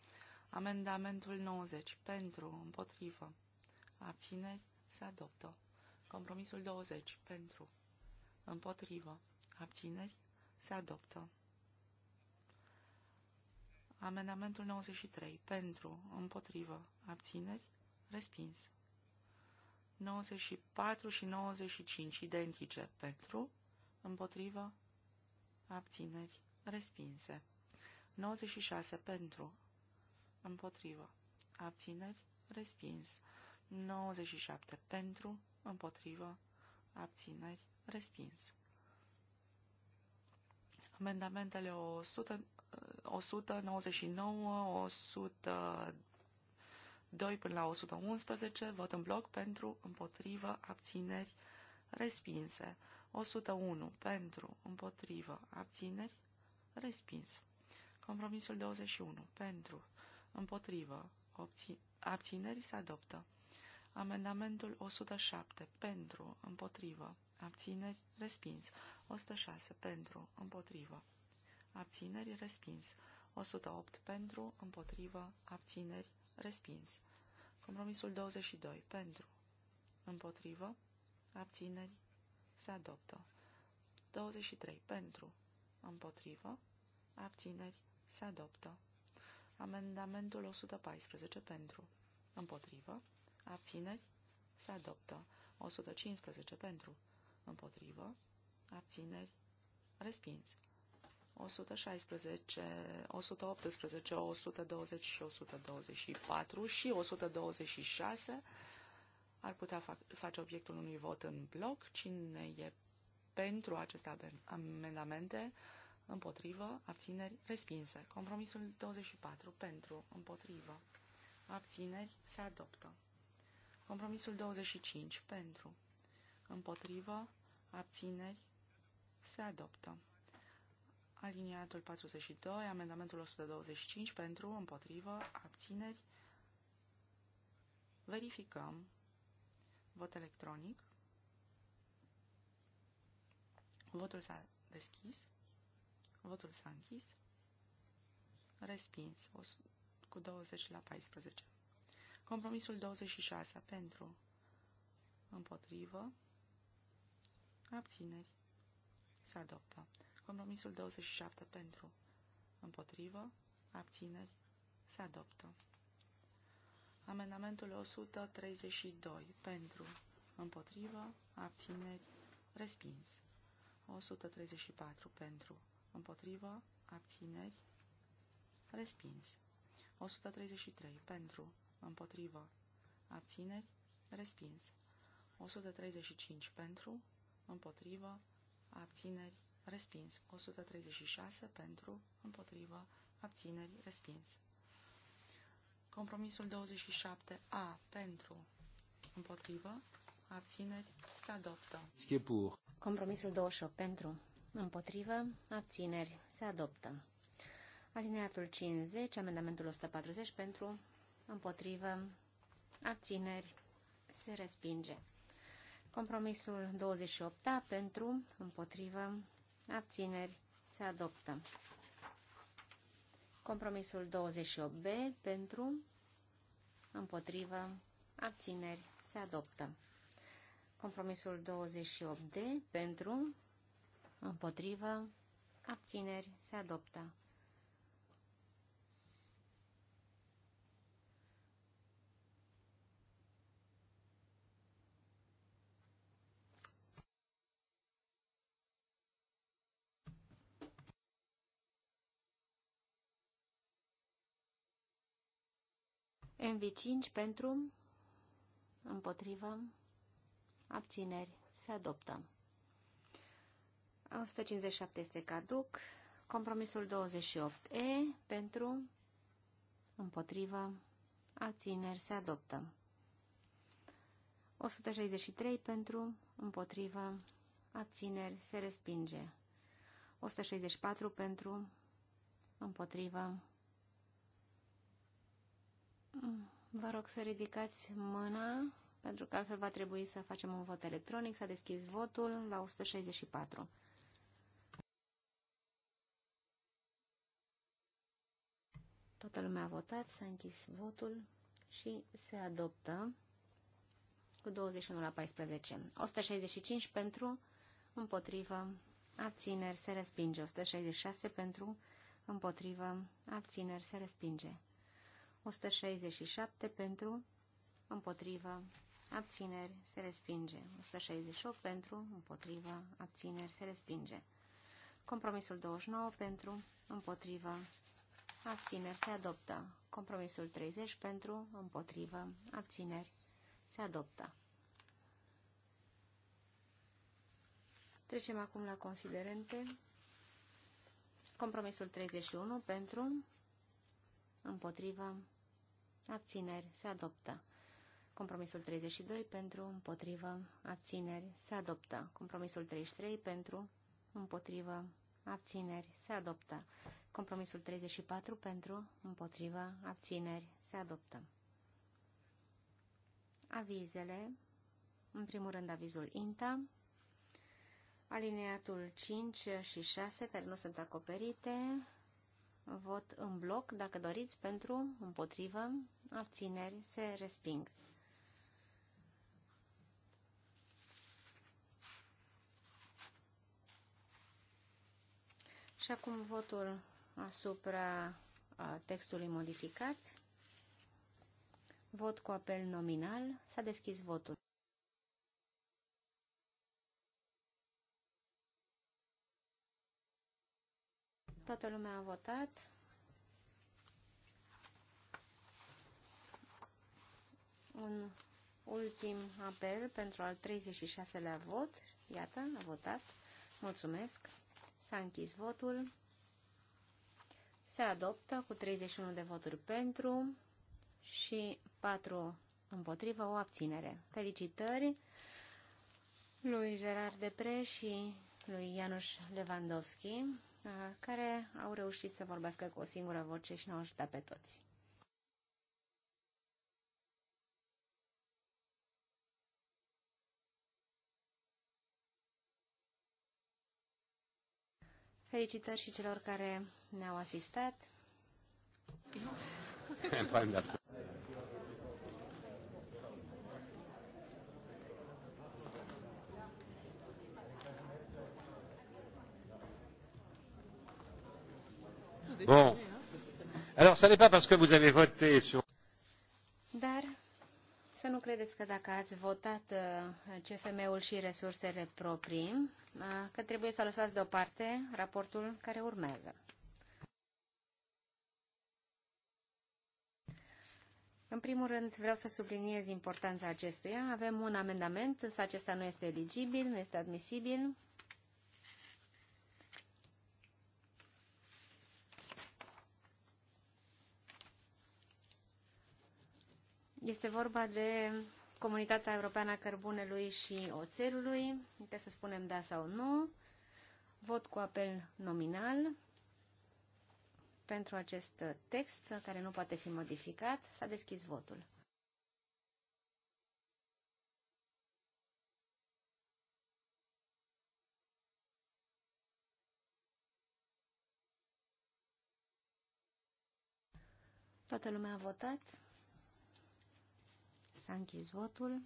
Amendamentul 90. Pentru, împotrivă, abțineri, se adoptă. Compromisul 20. Pentru, împotrivă, abțineri, se adoptă. Amendamentul 93. Pentru, împotrivă, abțineri, respins. 94 și 95 identice pentru, împotrivă, abțineri, respinse. 96 pentru, împotrivă, abțineri, respins. 97 pentru, împotrivă, abțineri, respins. Amendamentele 100, 199, 100 2 până la 111, vot în bloc pentru, împotrivă, abțineri, respinse. 101 pentru, împotrivă, abțineri, respins. Compromisul 21 pentru, împotrivă, abțineri se adoptă. Amendamentul 107 pentru, împotrivă, abțineri, respins. 106 pentru, împotrivă, abțineri, respins. 108 pentru, împotrivă, abțineri, respins. Compromisul 22. Pentru. Împotrivă. Abțineri. Se adoptă. 23. Pentru. Împotrivă. Abțineri. Se adoptă. Amendamentul 114. Pentru. Împotrivă. Abțineri. Se adoptă. 115. Pentru. Împotrivă. Abțineri. Respins. 116, 118, 120 și 124 și 126 ar putea face obiectul unui vot în bloc. Cine e pentru aceste amendamente? Împotrivă, abțineri, respinse. Compromisul 24, pentru, împotrivă, abțineri, se adoptă. Compromisul 25, pentru, împotrivă, abțineri, se adoptă. Aliniatul 42, amendamentul 125 pentru, împotrivă, abțineri. Verificăm. Vot electronic. Votul s-a deschis. Votul s-a închis. Respins. Cu 20 la 14. Compromisul 26 pentru, împotrivă, abțineri. Se adoptă. Compromisul 27 pentru, împotrivă, abțineri, se adoptă. Amendamentul 132 pentru, împotrivă, abțineri, respins. 134 pentru, împotrivă, abțineri, respins. 133 pentru, împotrivă, abțineri, respins. 135 pentru, împotrivă, abțineri, respins. 136 pentru, împotrivă, abțineri, respins. Compromisul
27A pentru, împotrivă, abțineri, se adoptă. Compromisul 28 pentru, împotrivă, abțineri, se adoptă. Alineatul 50, amendamentul 140 pentru, împotrivă, abțineri, se respinge. Compromisul 28 pentru, împotrivă, abțineri, se adoptă. Compromisul 28B pentru, împotrivă, abțineri, se adoptă. Compromisul 28D pentru, împotrivă, abțineri, se adoptă. MV5 pentru, împotrivă, abțineri, se adoptă. 157 este caduc. Compromisul 28E pentru, împotrivă, abțineri, se adoptă. 163 pentru, împotrivă, abțineri, se respinge. 164 pentru, împotrivă, Vă rog să ridicați mâna, pentru că altfel va trebui să facem un vot electronic. S-a deschis votul la 164. Toată lumea a votat, s-a închis votul și se adoptă cu 21 la 14. 165 pentru, împotrivă, abțineri, se respinge. 166 pentru, împotrivă, abțineri, se respinge. 167 pentru, împotrivă, abțineri, se respinge. 168 pentru, împotrivă, abțineri, se respinge. Compromisul 29 pentru, împotrivă, abțineri, se adoptă. Compromisul 30 pentru, împotrivă, abțineri, se adoptă. Trecem acum la considerente. Compromisul 31 pentru, împotrivă, abțineri, se adoptă. Compromisul 32 pentru, împotrivă, abțineri, se adoptă. Compromisul 33 pentru, împotrivă, abțineri, se adoptă. Compromisul 34 pentru, împotrivă, abțineri, se adoptă. Avizele, în primul rând avizul INTA, alineatul 5 și 6 care nu sunt acoperite, Vot în bloc, dacă doriți, pentru, împotrivă, abțineri, se resping. Și acum votul asupra textului modificat. Vot cu apel nominal. S-a deschis votul. Toată lumea a votat. Un ultim apel pentru al 36-lea vot. Iată, a votat. Mulțumesc. S-a închis votul. Se adoptă cu 31 de voturi pentru și 4 împotrivă o abținere. Felicitări lui Gerard Depre și lui Ianuș Lewandowski care au reușit să vorbească cu o singură voce și ne-au ajutat pe toți. Felicitări și celor care ne-au asistat.
Bon. Alors, ce n'est pas parce que vous avez voté sur...
Dar să nu credeți că dacă ați votat uh, CFM-ul și resursele proprii, uh, că trebuie să lăsați deoparte raportul care urmează. În primul rând, vreau să subliniez importanța acestuia. Avem un amendament, însă acesta nu este eligibil, nu este admisibil. Este vorba de Comunitatea Europeană a Cărbunelui și Oțelului. Trebuie să spunem da sau nu. Vot cu apel nominal pentru acest text care nu poate fi modificat. S-a deschis votul. Toată lumea a votat. S-a închis votul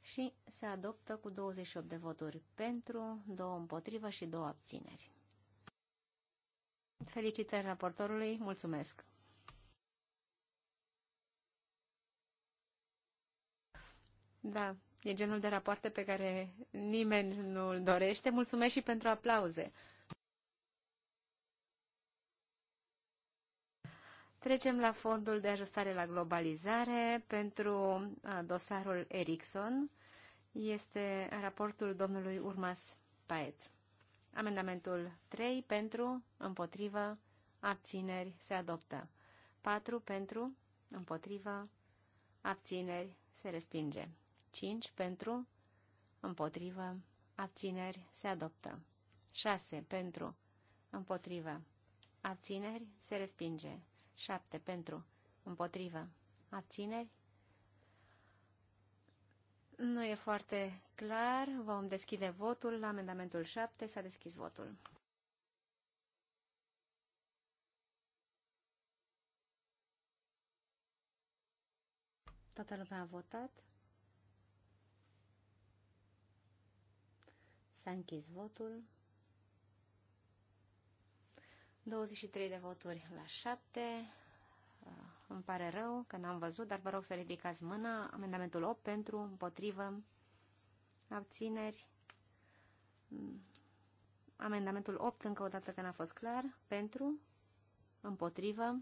și se adoptă cu 28 de voturi pentru, două împotrivă și două abțineri. Felicitări raportorului, mulțumesc! Da, e genul de rapoarte pe care nimeni nu îl dorește. Mulțumesc și pentru aplauze. Trecem la fondul de ajustare la globalizare pentru dosarul Ericsson. Este raportul domnului Urmas Paet. Amendamentul 3 pentru, împotrivă, abțineri se adoptă. 4 pentru, împotrivă, abțineri se respinge. 5 pentru, împotrivă, abțineri se adoptă. 6 pentru, împotrivă, abțineri se respinge. 7 pentru, împotrivă, abțineri. Nu e foarte clar. Vom deschide votul la amendamentul 7. S-a deschis votul. Toată lumea a votat. S-a închis votul. 23 de voturi la 7. Uh, îmi pare rău că n-am văzut, dar vă rog să ridicați mâna. Amendamentul 8 pentru, împotrivă, abțineri. Mm. Amendamentul 8, încă o dată că n-a fost clar, pentru, împotrivă.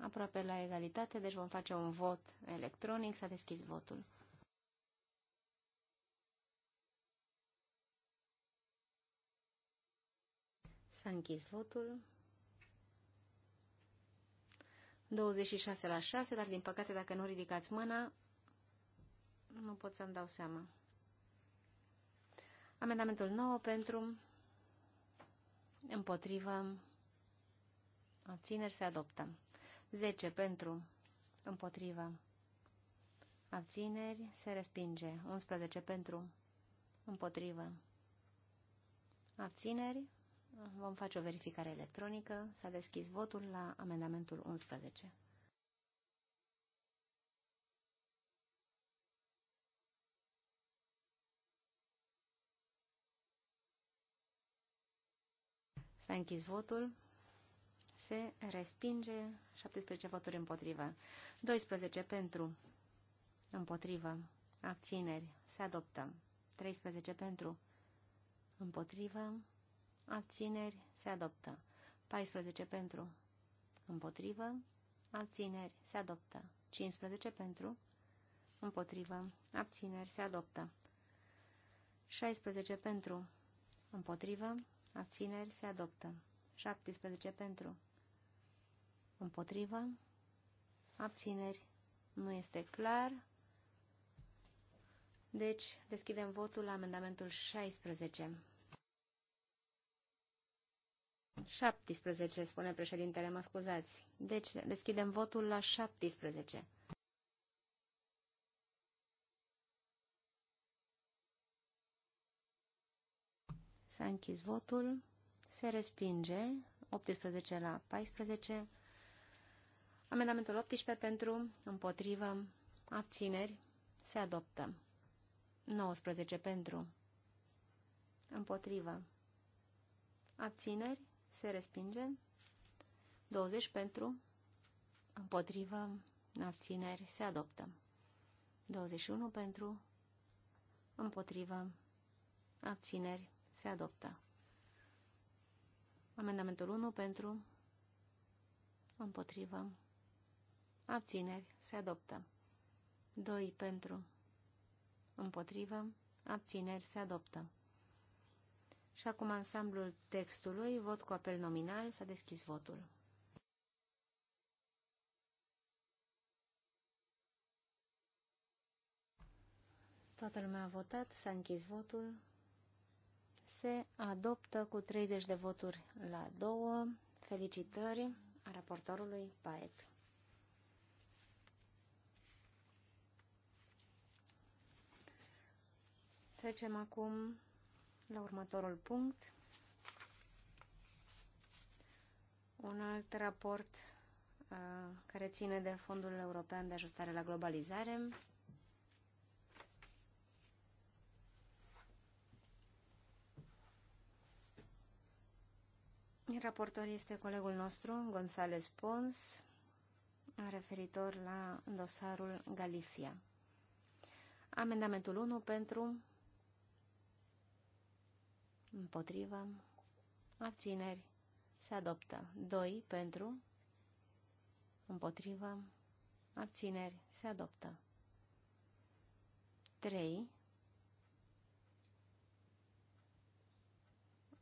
Aproape la egalitate, deci vom face un vot electronic. S-a deschis votul. S-a închis votul. 26 la 6, dar din păcate dacă nu ridicați mâna, nu pot să-mi dau seama. Amendamentul 9 pentru, împotrivă, abțineri se adoptă. 10 pentru, împotrivă, abțineri se respinge. 11 pentru, împotrivă, abțineri Vom face o verificare electronică. S-a deschis votul la amendamentul 11. S-a închis votul. Se respinge 17 voturi împotrivă. 12 pentru. Împotrivă. Abțineri. Se adoptă. 13 pentru. Împotrivă abțineri, se adoptă. 14 pentru, împotrivă, abțineri, se adoptă. 15 pentru, împotrivă, abțineri, se adoptă. 16 pentru, împotrivă, abțineri, se adoptă. 17 pentru, împotrivă, abțineri, nu este clar. Deci, deschidem votul la amendamentul 16. 17, spune președintele, mă scuzați. Deci, deschidem votul la 17. S-a închis votul, se respinge, 18 la 14, amendamentul 18 pentru, împotrivă, abțineri, se adoptă, 19 pentru, împotrivă, abțineri, se respinge. 20 pentru, împotrivă, abțineri, se adoptă. 21 pentru, împotrivă, abțineri, se adoptă. Amendamentul 1 pentru, împotrivă, abțineri, se adoptă. 2 pentru, împotrivă, abțineri, se adoptă. Și acum ansamblul textului, vot cu apel nominal, s-a deschis votul. Toată lumea a votat, s-a închis votul. Se adoptă cu 30 de voturi la 2. Felicitări a raportorului Paet. Trecem acum la următorul punct. Un alt raport uh, care ține de Fondul European de Ajustare la Globalizare. Raportor este colegul nostru, González Pons, referitor la dosarul Galicia. Amendamentul 1 pentru împotrivă, abțineri, se adoptă. 2 pentru, împotrivă, abțineri, se adoptă. 3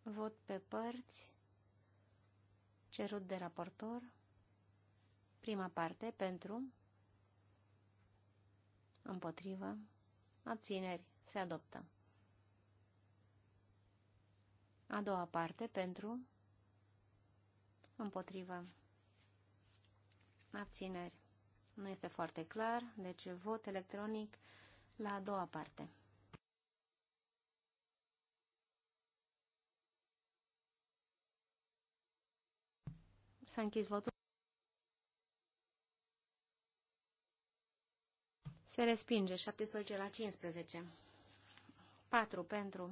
Vot pe părți cerut de raportor. Prima parte pentru împotrivă abțineri se adoptă. A doua parte pentru împotriva abțineri. Nu este foarte clar, deci vot electronic la a doua parte. S-a închis votul. Se respinge 17 la 15. 4 pentru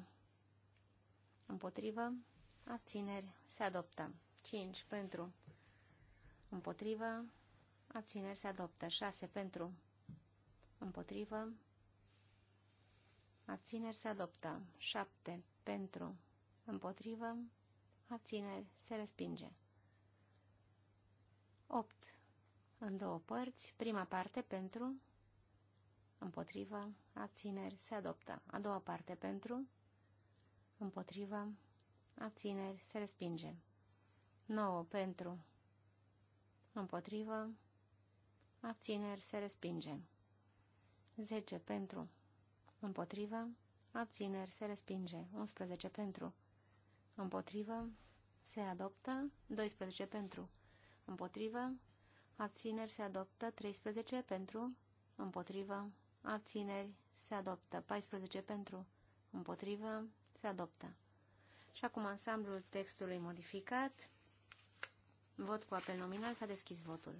împotrivă, abțineri, se adoptă. 5 pentru, împotrivă, abțineri, se adoptă. 6 pentru, împotrivă, abțineri, se adoptă. 7 pentru, împotrivă, abțineri, se respinge. 8 în două părți, prima parte pentru, împotrivă, abțineri, se adoptă. A doua parte pentru, împotrivă, abțineri, se respinge. 9 pentru, împotrivă, abțineri, se respinge. 10 pentru, împotrivă, abțineri, se respinge. 11 pentru, împotrivă, se adoptă, 12 pentru, împotrivă, abțineri, se adoptă, 13 pentru, împotrivă, abțineri, se adoptă, 14 pentru, împotrivă, se adoptă. Și acum ansamblul textului modificat. Vot cu apel nominal. S-a deschis votul.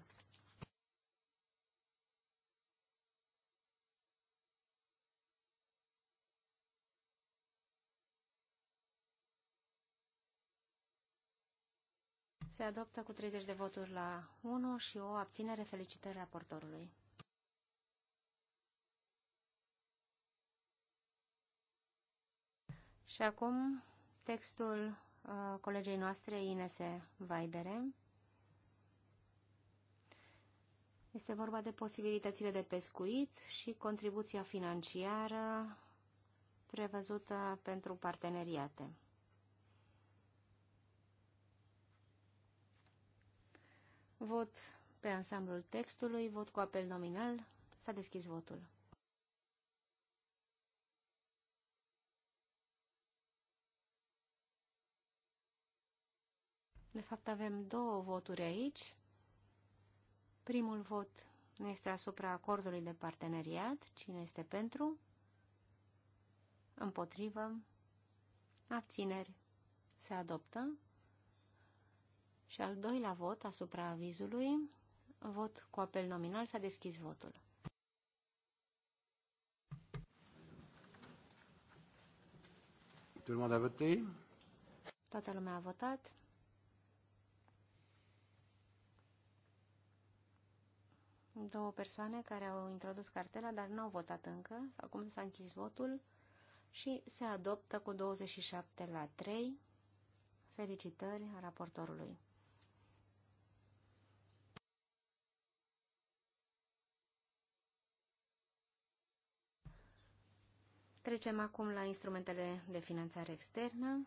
Se adoptă cu 30 de voturi la 1 și o abținere. Felicitări raportorului. Și acum textul uh, colegei noastre, Inese Vaidere. Este vorba de posibilitățile de pescuit și contribuția financiară prevăzută pentru parteneriate. Vot pe ansamblul textului, vot cu apel nominal, s-a deschis votul. De fapt, avem două voturi aici. Primul vot este asupra acordului de parteneriat. Cine este pentru? Împotrivă? Abțineri? Se adoptă. Și al doilea vot asupra avizului, vot cu apel nominal, s-a deschis votul. Toată lumea a votat. două persoane care au introdus cartela, dar nu au votat încă. Acum s-a închis votul și se adoptă cu 27 la 3. Felicitări raportorului. Trecem acum la instrumentele de finanțare externă.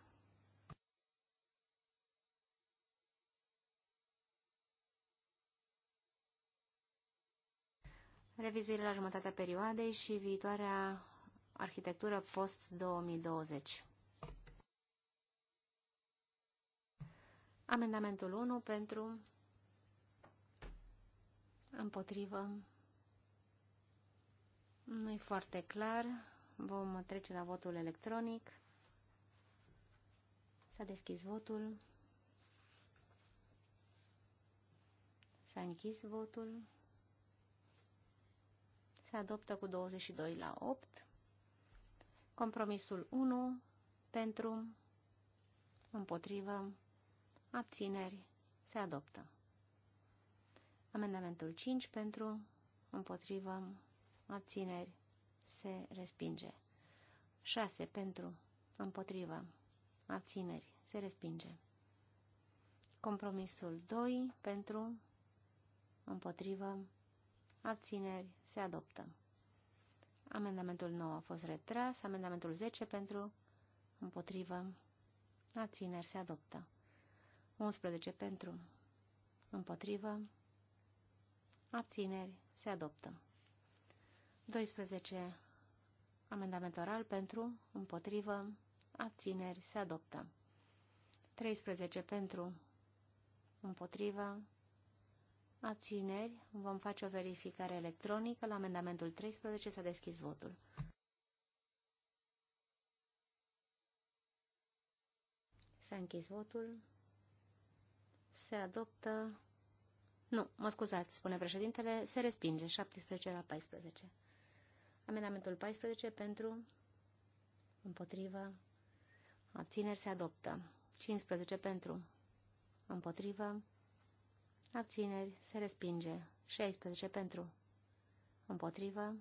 revizuirea la jumătatea perioadei și viitoarea arhitectură post-2020. Amendamentul 1 pentru împotrivă nu e foarte clar. Vom trece la votul electronic. S-a deschis votul. S-a închis votul se adoptă cu 22 la 8. Compromisul 1 pentru, împotrivă, abțineri se adoptă. Amendamentul 5 pentru, împotrivă, abțineri se respinge. 6 pentru, împotrivă, abțineri se respinge. Compromisul 2 pentru, împotrivă, abțineri, se adoptă. Amendamentul 9 a fost retras, amendamentul 10 pentru, împotrivă, abțineri, se adoptă. 11 pentru, împotrivă, abțineri, se adoptă. 12. Amendament oral pentru, împotrivă, abțineri, se adoptă. 13 pentru, împotrivă, Abțineri. Vom face o verificare electronică. La amendamentul 13 s-a deschis votul. S-a închis votul. Se adoptă... Nu, mă scuzați, spune președintele, se respinge 17 la 14. Amendamentul 14 pentru, împotrivă, abțineri se adoptă. 15 pentru, împotrivă, abțineri, se respinge. 16 pentru, împotrivă,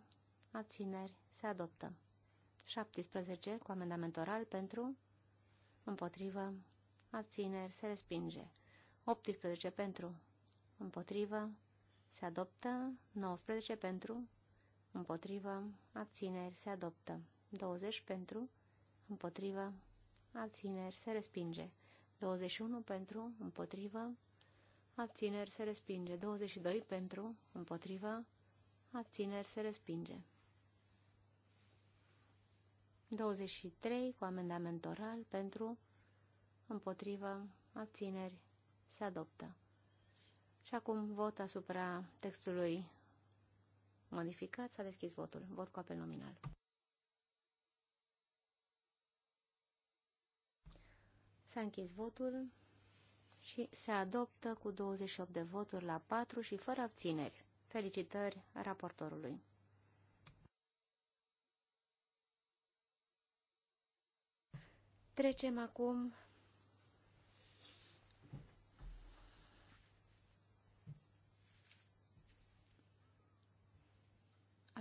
abțineri, se adoptă. 17 cu amendament oral pentru, împotrivă, abțineri, se respinge. 18 pentru, împotrivă, se adoptă. 19 pentru, împotrivă, abțineri, se adoptă. 20 pentru, împotrivă, abțineri, se respinge. 21 pentru, împotrivă, abțineri se respinge. 22 pentru, împotrivă, abțineri se respinge. 23 cu amendament oral pentru, împotrivă, abțineri se adoptă. Și acum vot asupra textului modificat. S-a deschis votul. Vot cu apel nominal. S-a închis votul și se adoptă cu 28 de voturi la 4 și fără abțineri. Felicitări raportorului! Trecem acum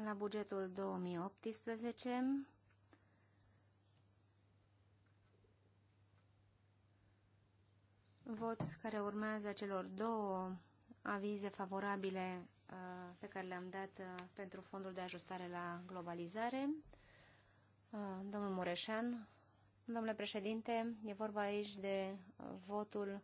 la bugetul 2018 vot care urmează celor două avize favorabile uh, pe care le-am dat uh, pentru Fondul de Ajustare la Globalizare. Uh, domnul Mureșan, domnule președinte, e vorba aici de votul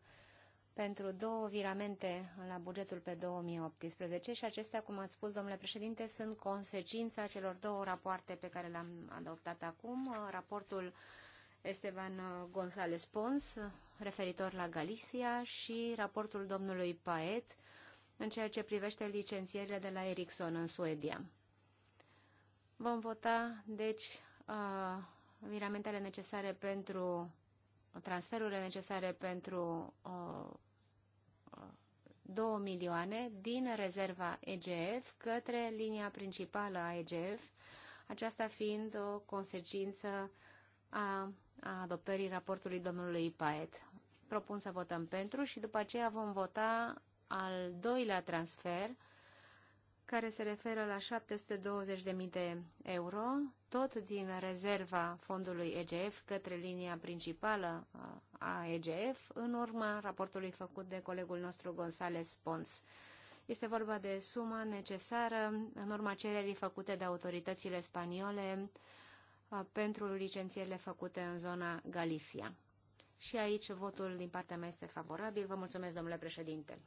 pentru două viramente la bugetul pe 2018 și acestea, cum ați spus, domnule președinte, sunt consecința celor două rapoarte pe care le-am adoptat acum, raportul uh, Esteban González Pons referitor la Galicia și raportul domnului Paet în ceea ce privește licențierile de la Ericsson în Suedia. Vom vota, deci, miramentele uh, viramentele necesare pentru transferurile necesare pentru uh, 2 uh, milioane din rezerva EGF către linia principală a EGF, aceasta fiind o consecință a a adoptării raportului domnului Paet. Propun să votăm pentru și după aceea vom vota al doilea transfer care se referă la 720.000 de euro, tot din rezerva fondului EGF către linia principală a EGF, în urma raportului făcut de colegul nostru González Pons. Este vorba de suma necesară în urma cererii făcute de autoritățile spaniole uh, pentru licențierile făcute în zona Galicia. Și aici votul din partea mea este favorabil. Vă mulțumesc, domnule președinte.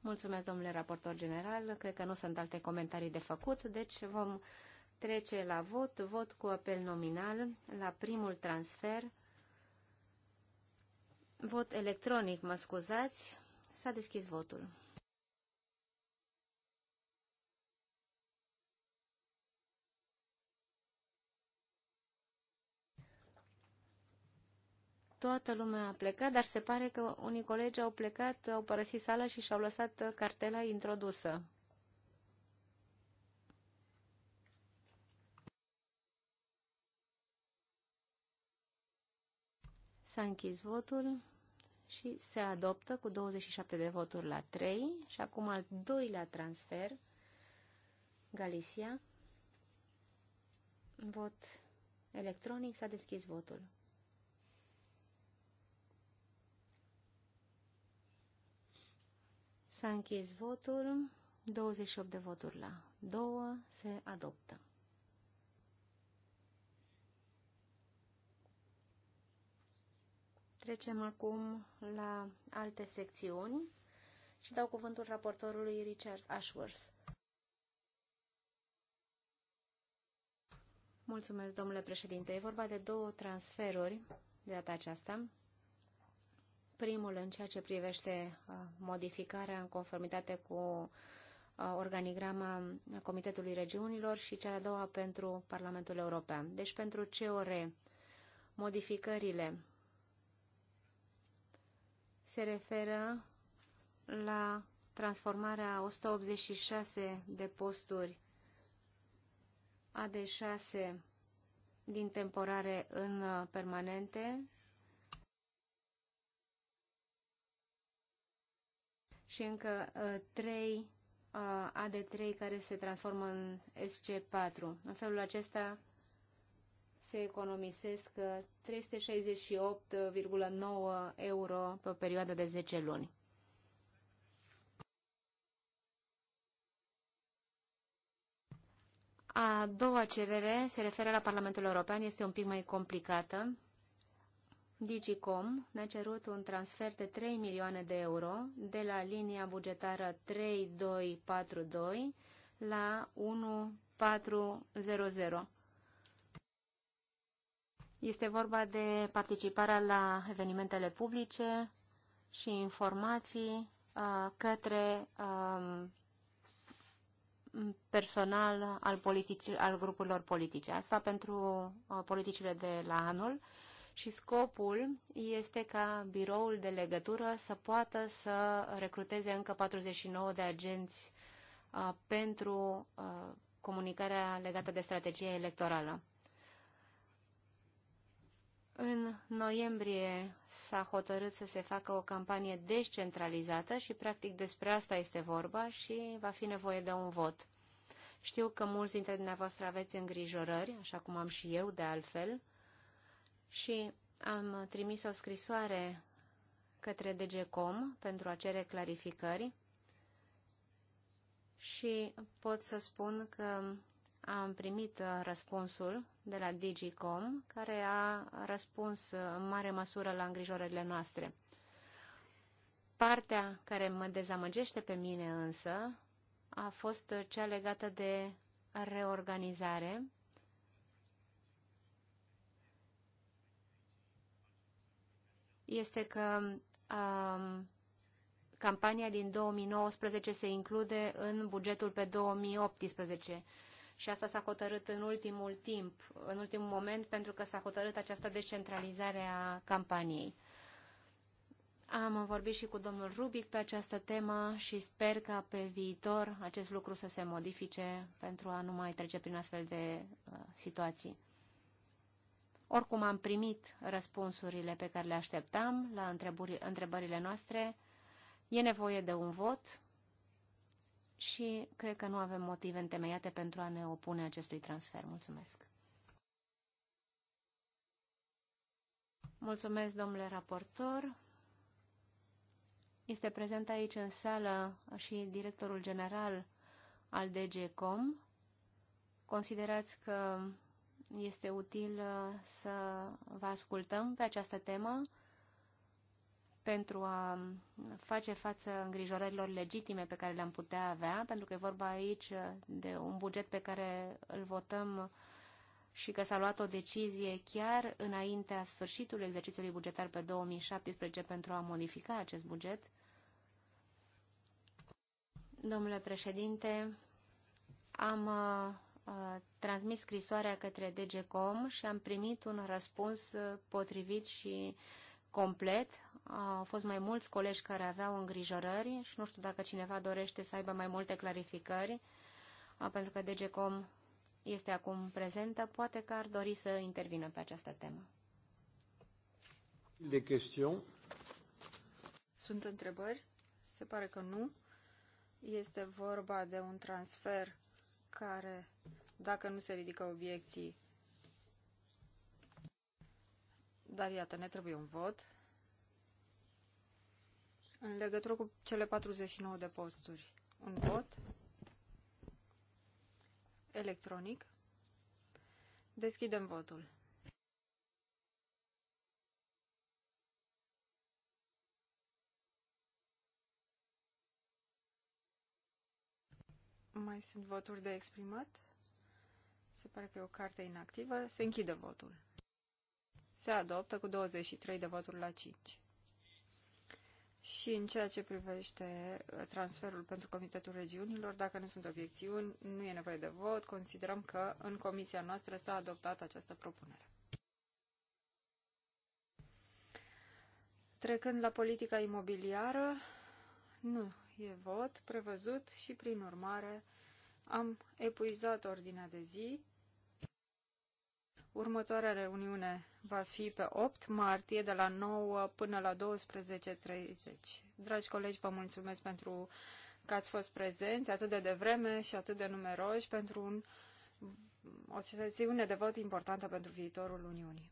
Mulțumesc, domnule raportor general. Cred că nu sunt alte comentarii de făcut, deci vom trece la vot. Vot cu apel nominal la primul transfer. Vot electronic, mă scuzați. S-a deschis votul. Toată lumea a plecat, dar se pare că unii colegi au plecat, au părăsit sala și și-au lăsat uh, cartela introdusă. S-a închis votul și se adoptă cu 27 de voturi la 3 și acum al doilea transfer, Galicia, vot electronic, s-a deschis votul. S-a închis votul. 28 de voturi la 2 se adoptă. Trecem acum la alte secțiuni și dau cuvântul raportorului Richard Ashworth. Mulțumesc, domnule președinte. E vorba de două transferuri de data aceasta. Primul în ceea ce privește uh, modificarea în conformitate cu uh, organigrama Comitetului Regiunilor și cea de-a doua pentru Parlamentul European. Deci pentru COR, modificările se referă la transformarea 186 de posturi AD6 din temporare în uh, permanente și încă uh, trei uh, AD3 care se transformă în SC4. În felul acesta se economisesc 368,9 uh, euro pe o perioadă de 10 luni. A doua cerere se referă la Parlamentul European, este un pic mai complicată Digicom ne-a cerut un transfer de 3 milioane de euro de la linia bugetară 3242 la 1400. Este vorba de participarea la evenimentele publice și informații uh, către uh, personal al, al grupurilor politice. Asta pentru uh, politicile de la anul și scopul este ca biroul de legătură să poată să recruteze încă 49 de agenți uh, pentru uh, comunicarea legată de strategia electorală. În noiembrie s-a hotărât să se facă o campanie descentralizată și practic despre asta este vorba și va fi nevoie de un vot. Știu că mulți dintre dumneavoastră aveți îngrijorări, așa cum am și eu de altfel, și am trimis o scrisoare către DGCOM pentru a cere clarificări și pot să spun că am primit răspunsul de la DGCOM, care a răspuns în mare măsură la îngrijorările noastre. Partea care mă dezamăgește pe mine însă a fost cea legată de reorganizare este că um, campania din 2019 se include în bugetul pe 2018 și asta s-a hotărât în ultimul timp, în ultimul moment, pentru că s-a hotărât această descentralizare a campaniei. Am vorbit și cu domnul Rubic pe această temă și sper ca pe viitor acest lucru să se modifice pentru a nu mai trece prin astfel de uh, situații. Oricum am primit răspunsurile pe care le așteptam la întrebările noastre. E nevoie de un vot și cred că nu avem motive întemeiate pentru a ne opune acestui transfer. Mulțumesc! Mulțumesc, domnule raportor. Este prezent aici în sală și directorul general al DGCOM. Considerați că este util uh, să vă ascultăm pe această temă pentru a um, face față îngrijorărilor legitime pe care le-am putea avea, pentru că e vorba aici uh, de un buget pe care îl votăm și că s-a luat o decizie chiar înaintea sfârșitului exercițiului bugetar pe 2017 pentru a modifica acest buget. Domnule președinte, am uh, transmis scrisoarea către DGCOM și am primit un răspuns uh, potrivit și complet. Au fost mai mulți colegi care aveau îngrijorări și nu știu dacă cineva dorește să aibă mai multe clarificări, pentru că DGCOM este acum prezentă, poate că ar dori să intervină pe această temă.
De question. Sunt întrebări? Se pare că nu. Este vorba de un transfer care, dacă nu se ridică obiecții, dar iată, ne trebuie un vot în legătură cu cele 49 de posturi. Un vot electronic. Deschidem votul. Mai sunt voturi de exprimat? Se pare că e o carte inactivă. Se închide votul. Se adoptă cu 23 de voturi la 5. Și în ceea ce privește transferul pentru Comitetul Regiunilor, dacă nu sunt obiecțiuni, nu e nevoie de vot, considerăm că în comisia noastră s-a adoptat această propunere. Trecând la politica imobiliară, nu e vot prevăzut și, prin urmare, am epuizat ordinea de zi. Următoarea reuniune va fi pe 8 martie de la 9 până la 12.30. Dragi colegi, vă mulțumesc pentru că ați fost prezenți atât de devreme și atât de numeroși pentru un, o sesiune de vot importantă pentru viitorul Uniunii.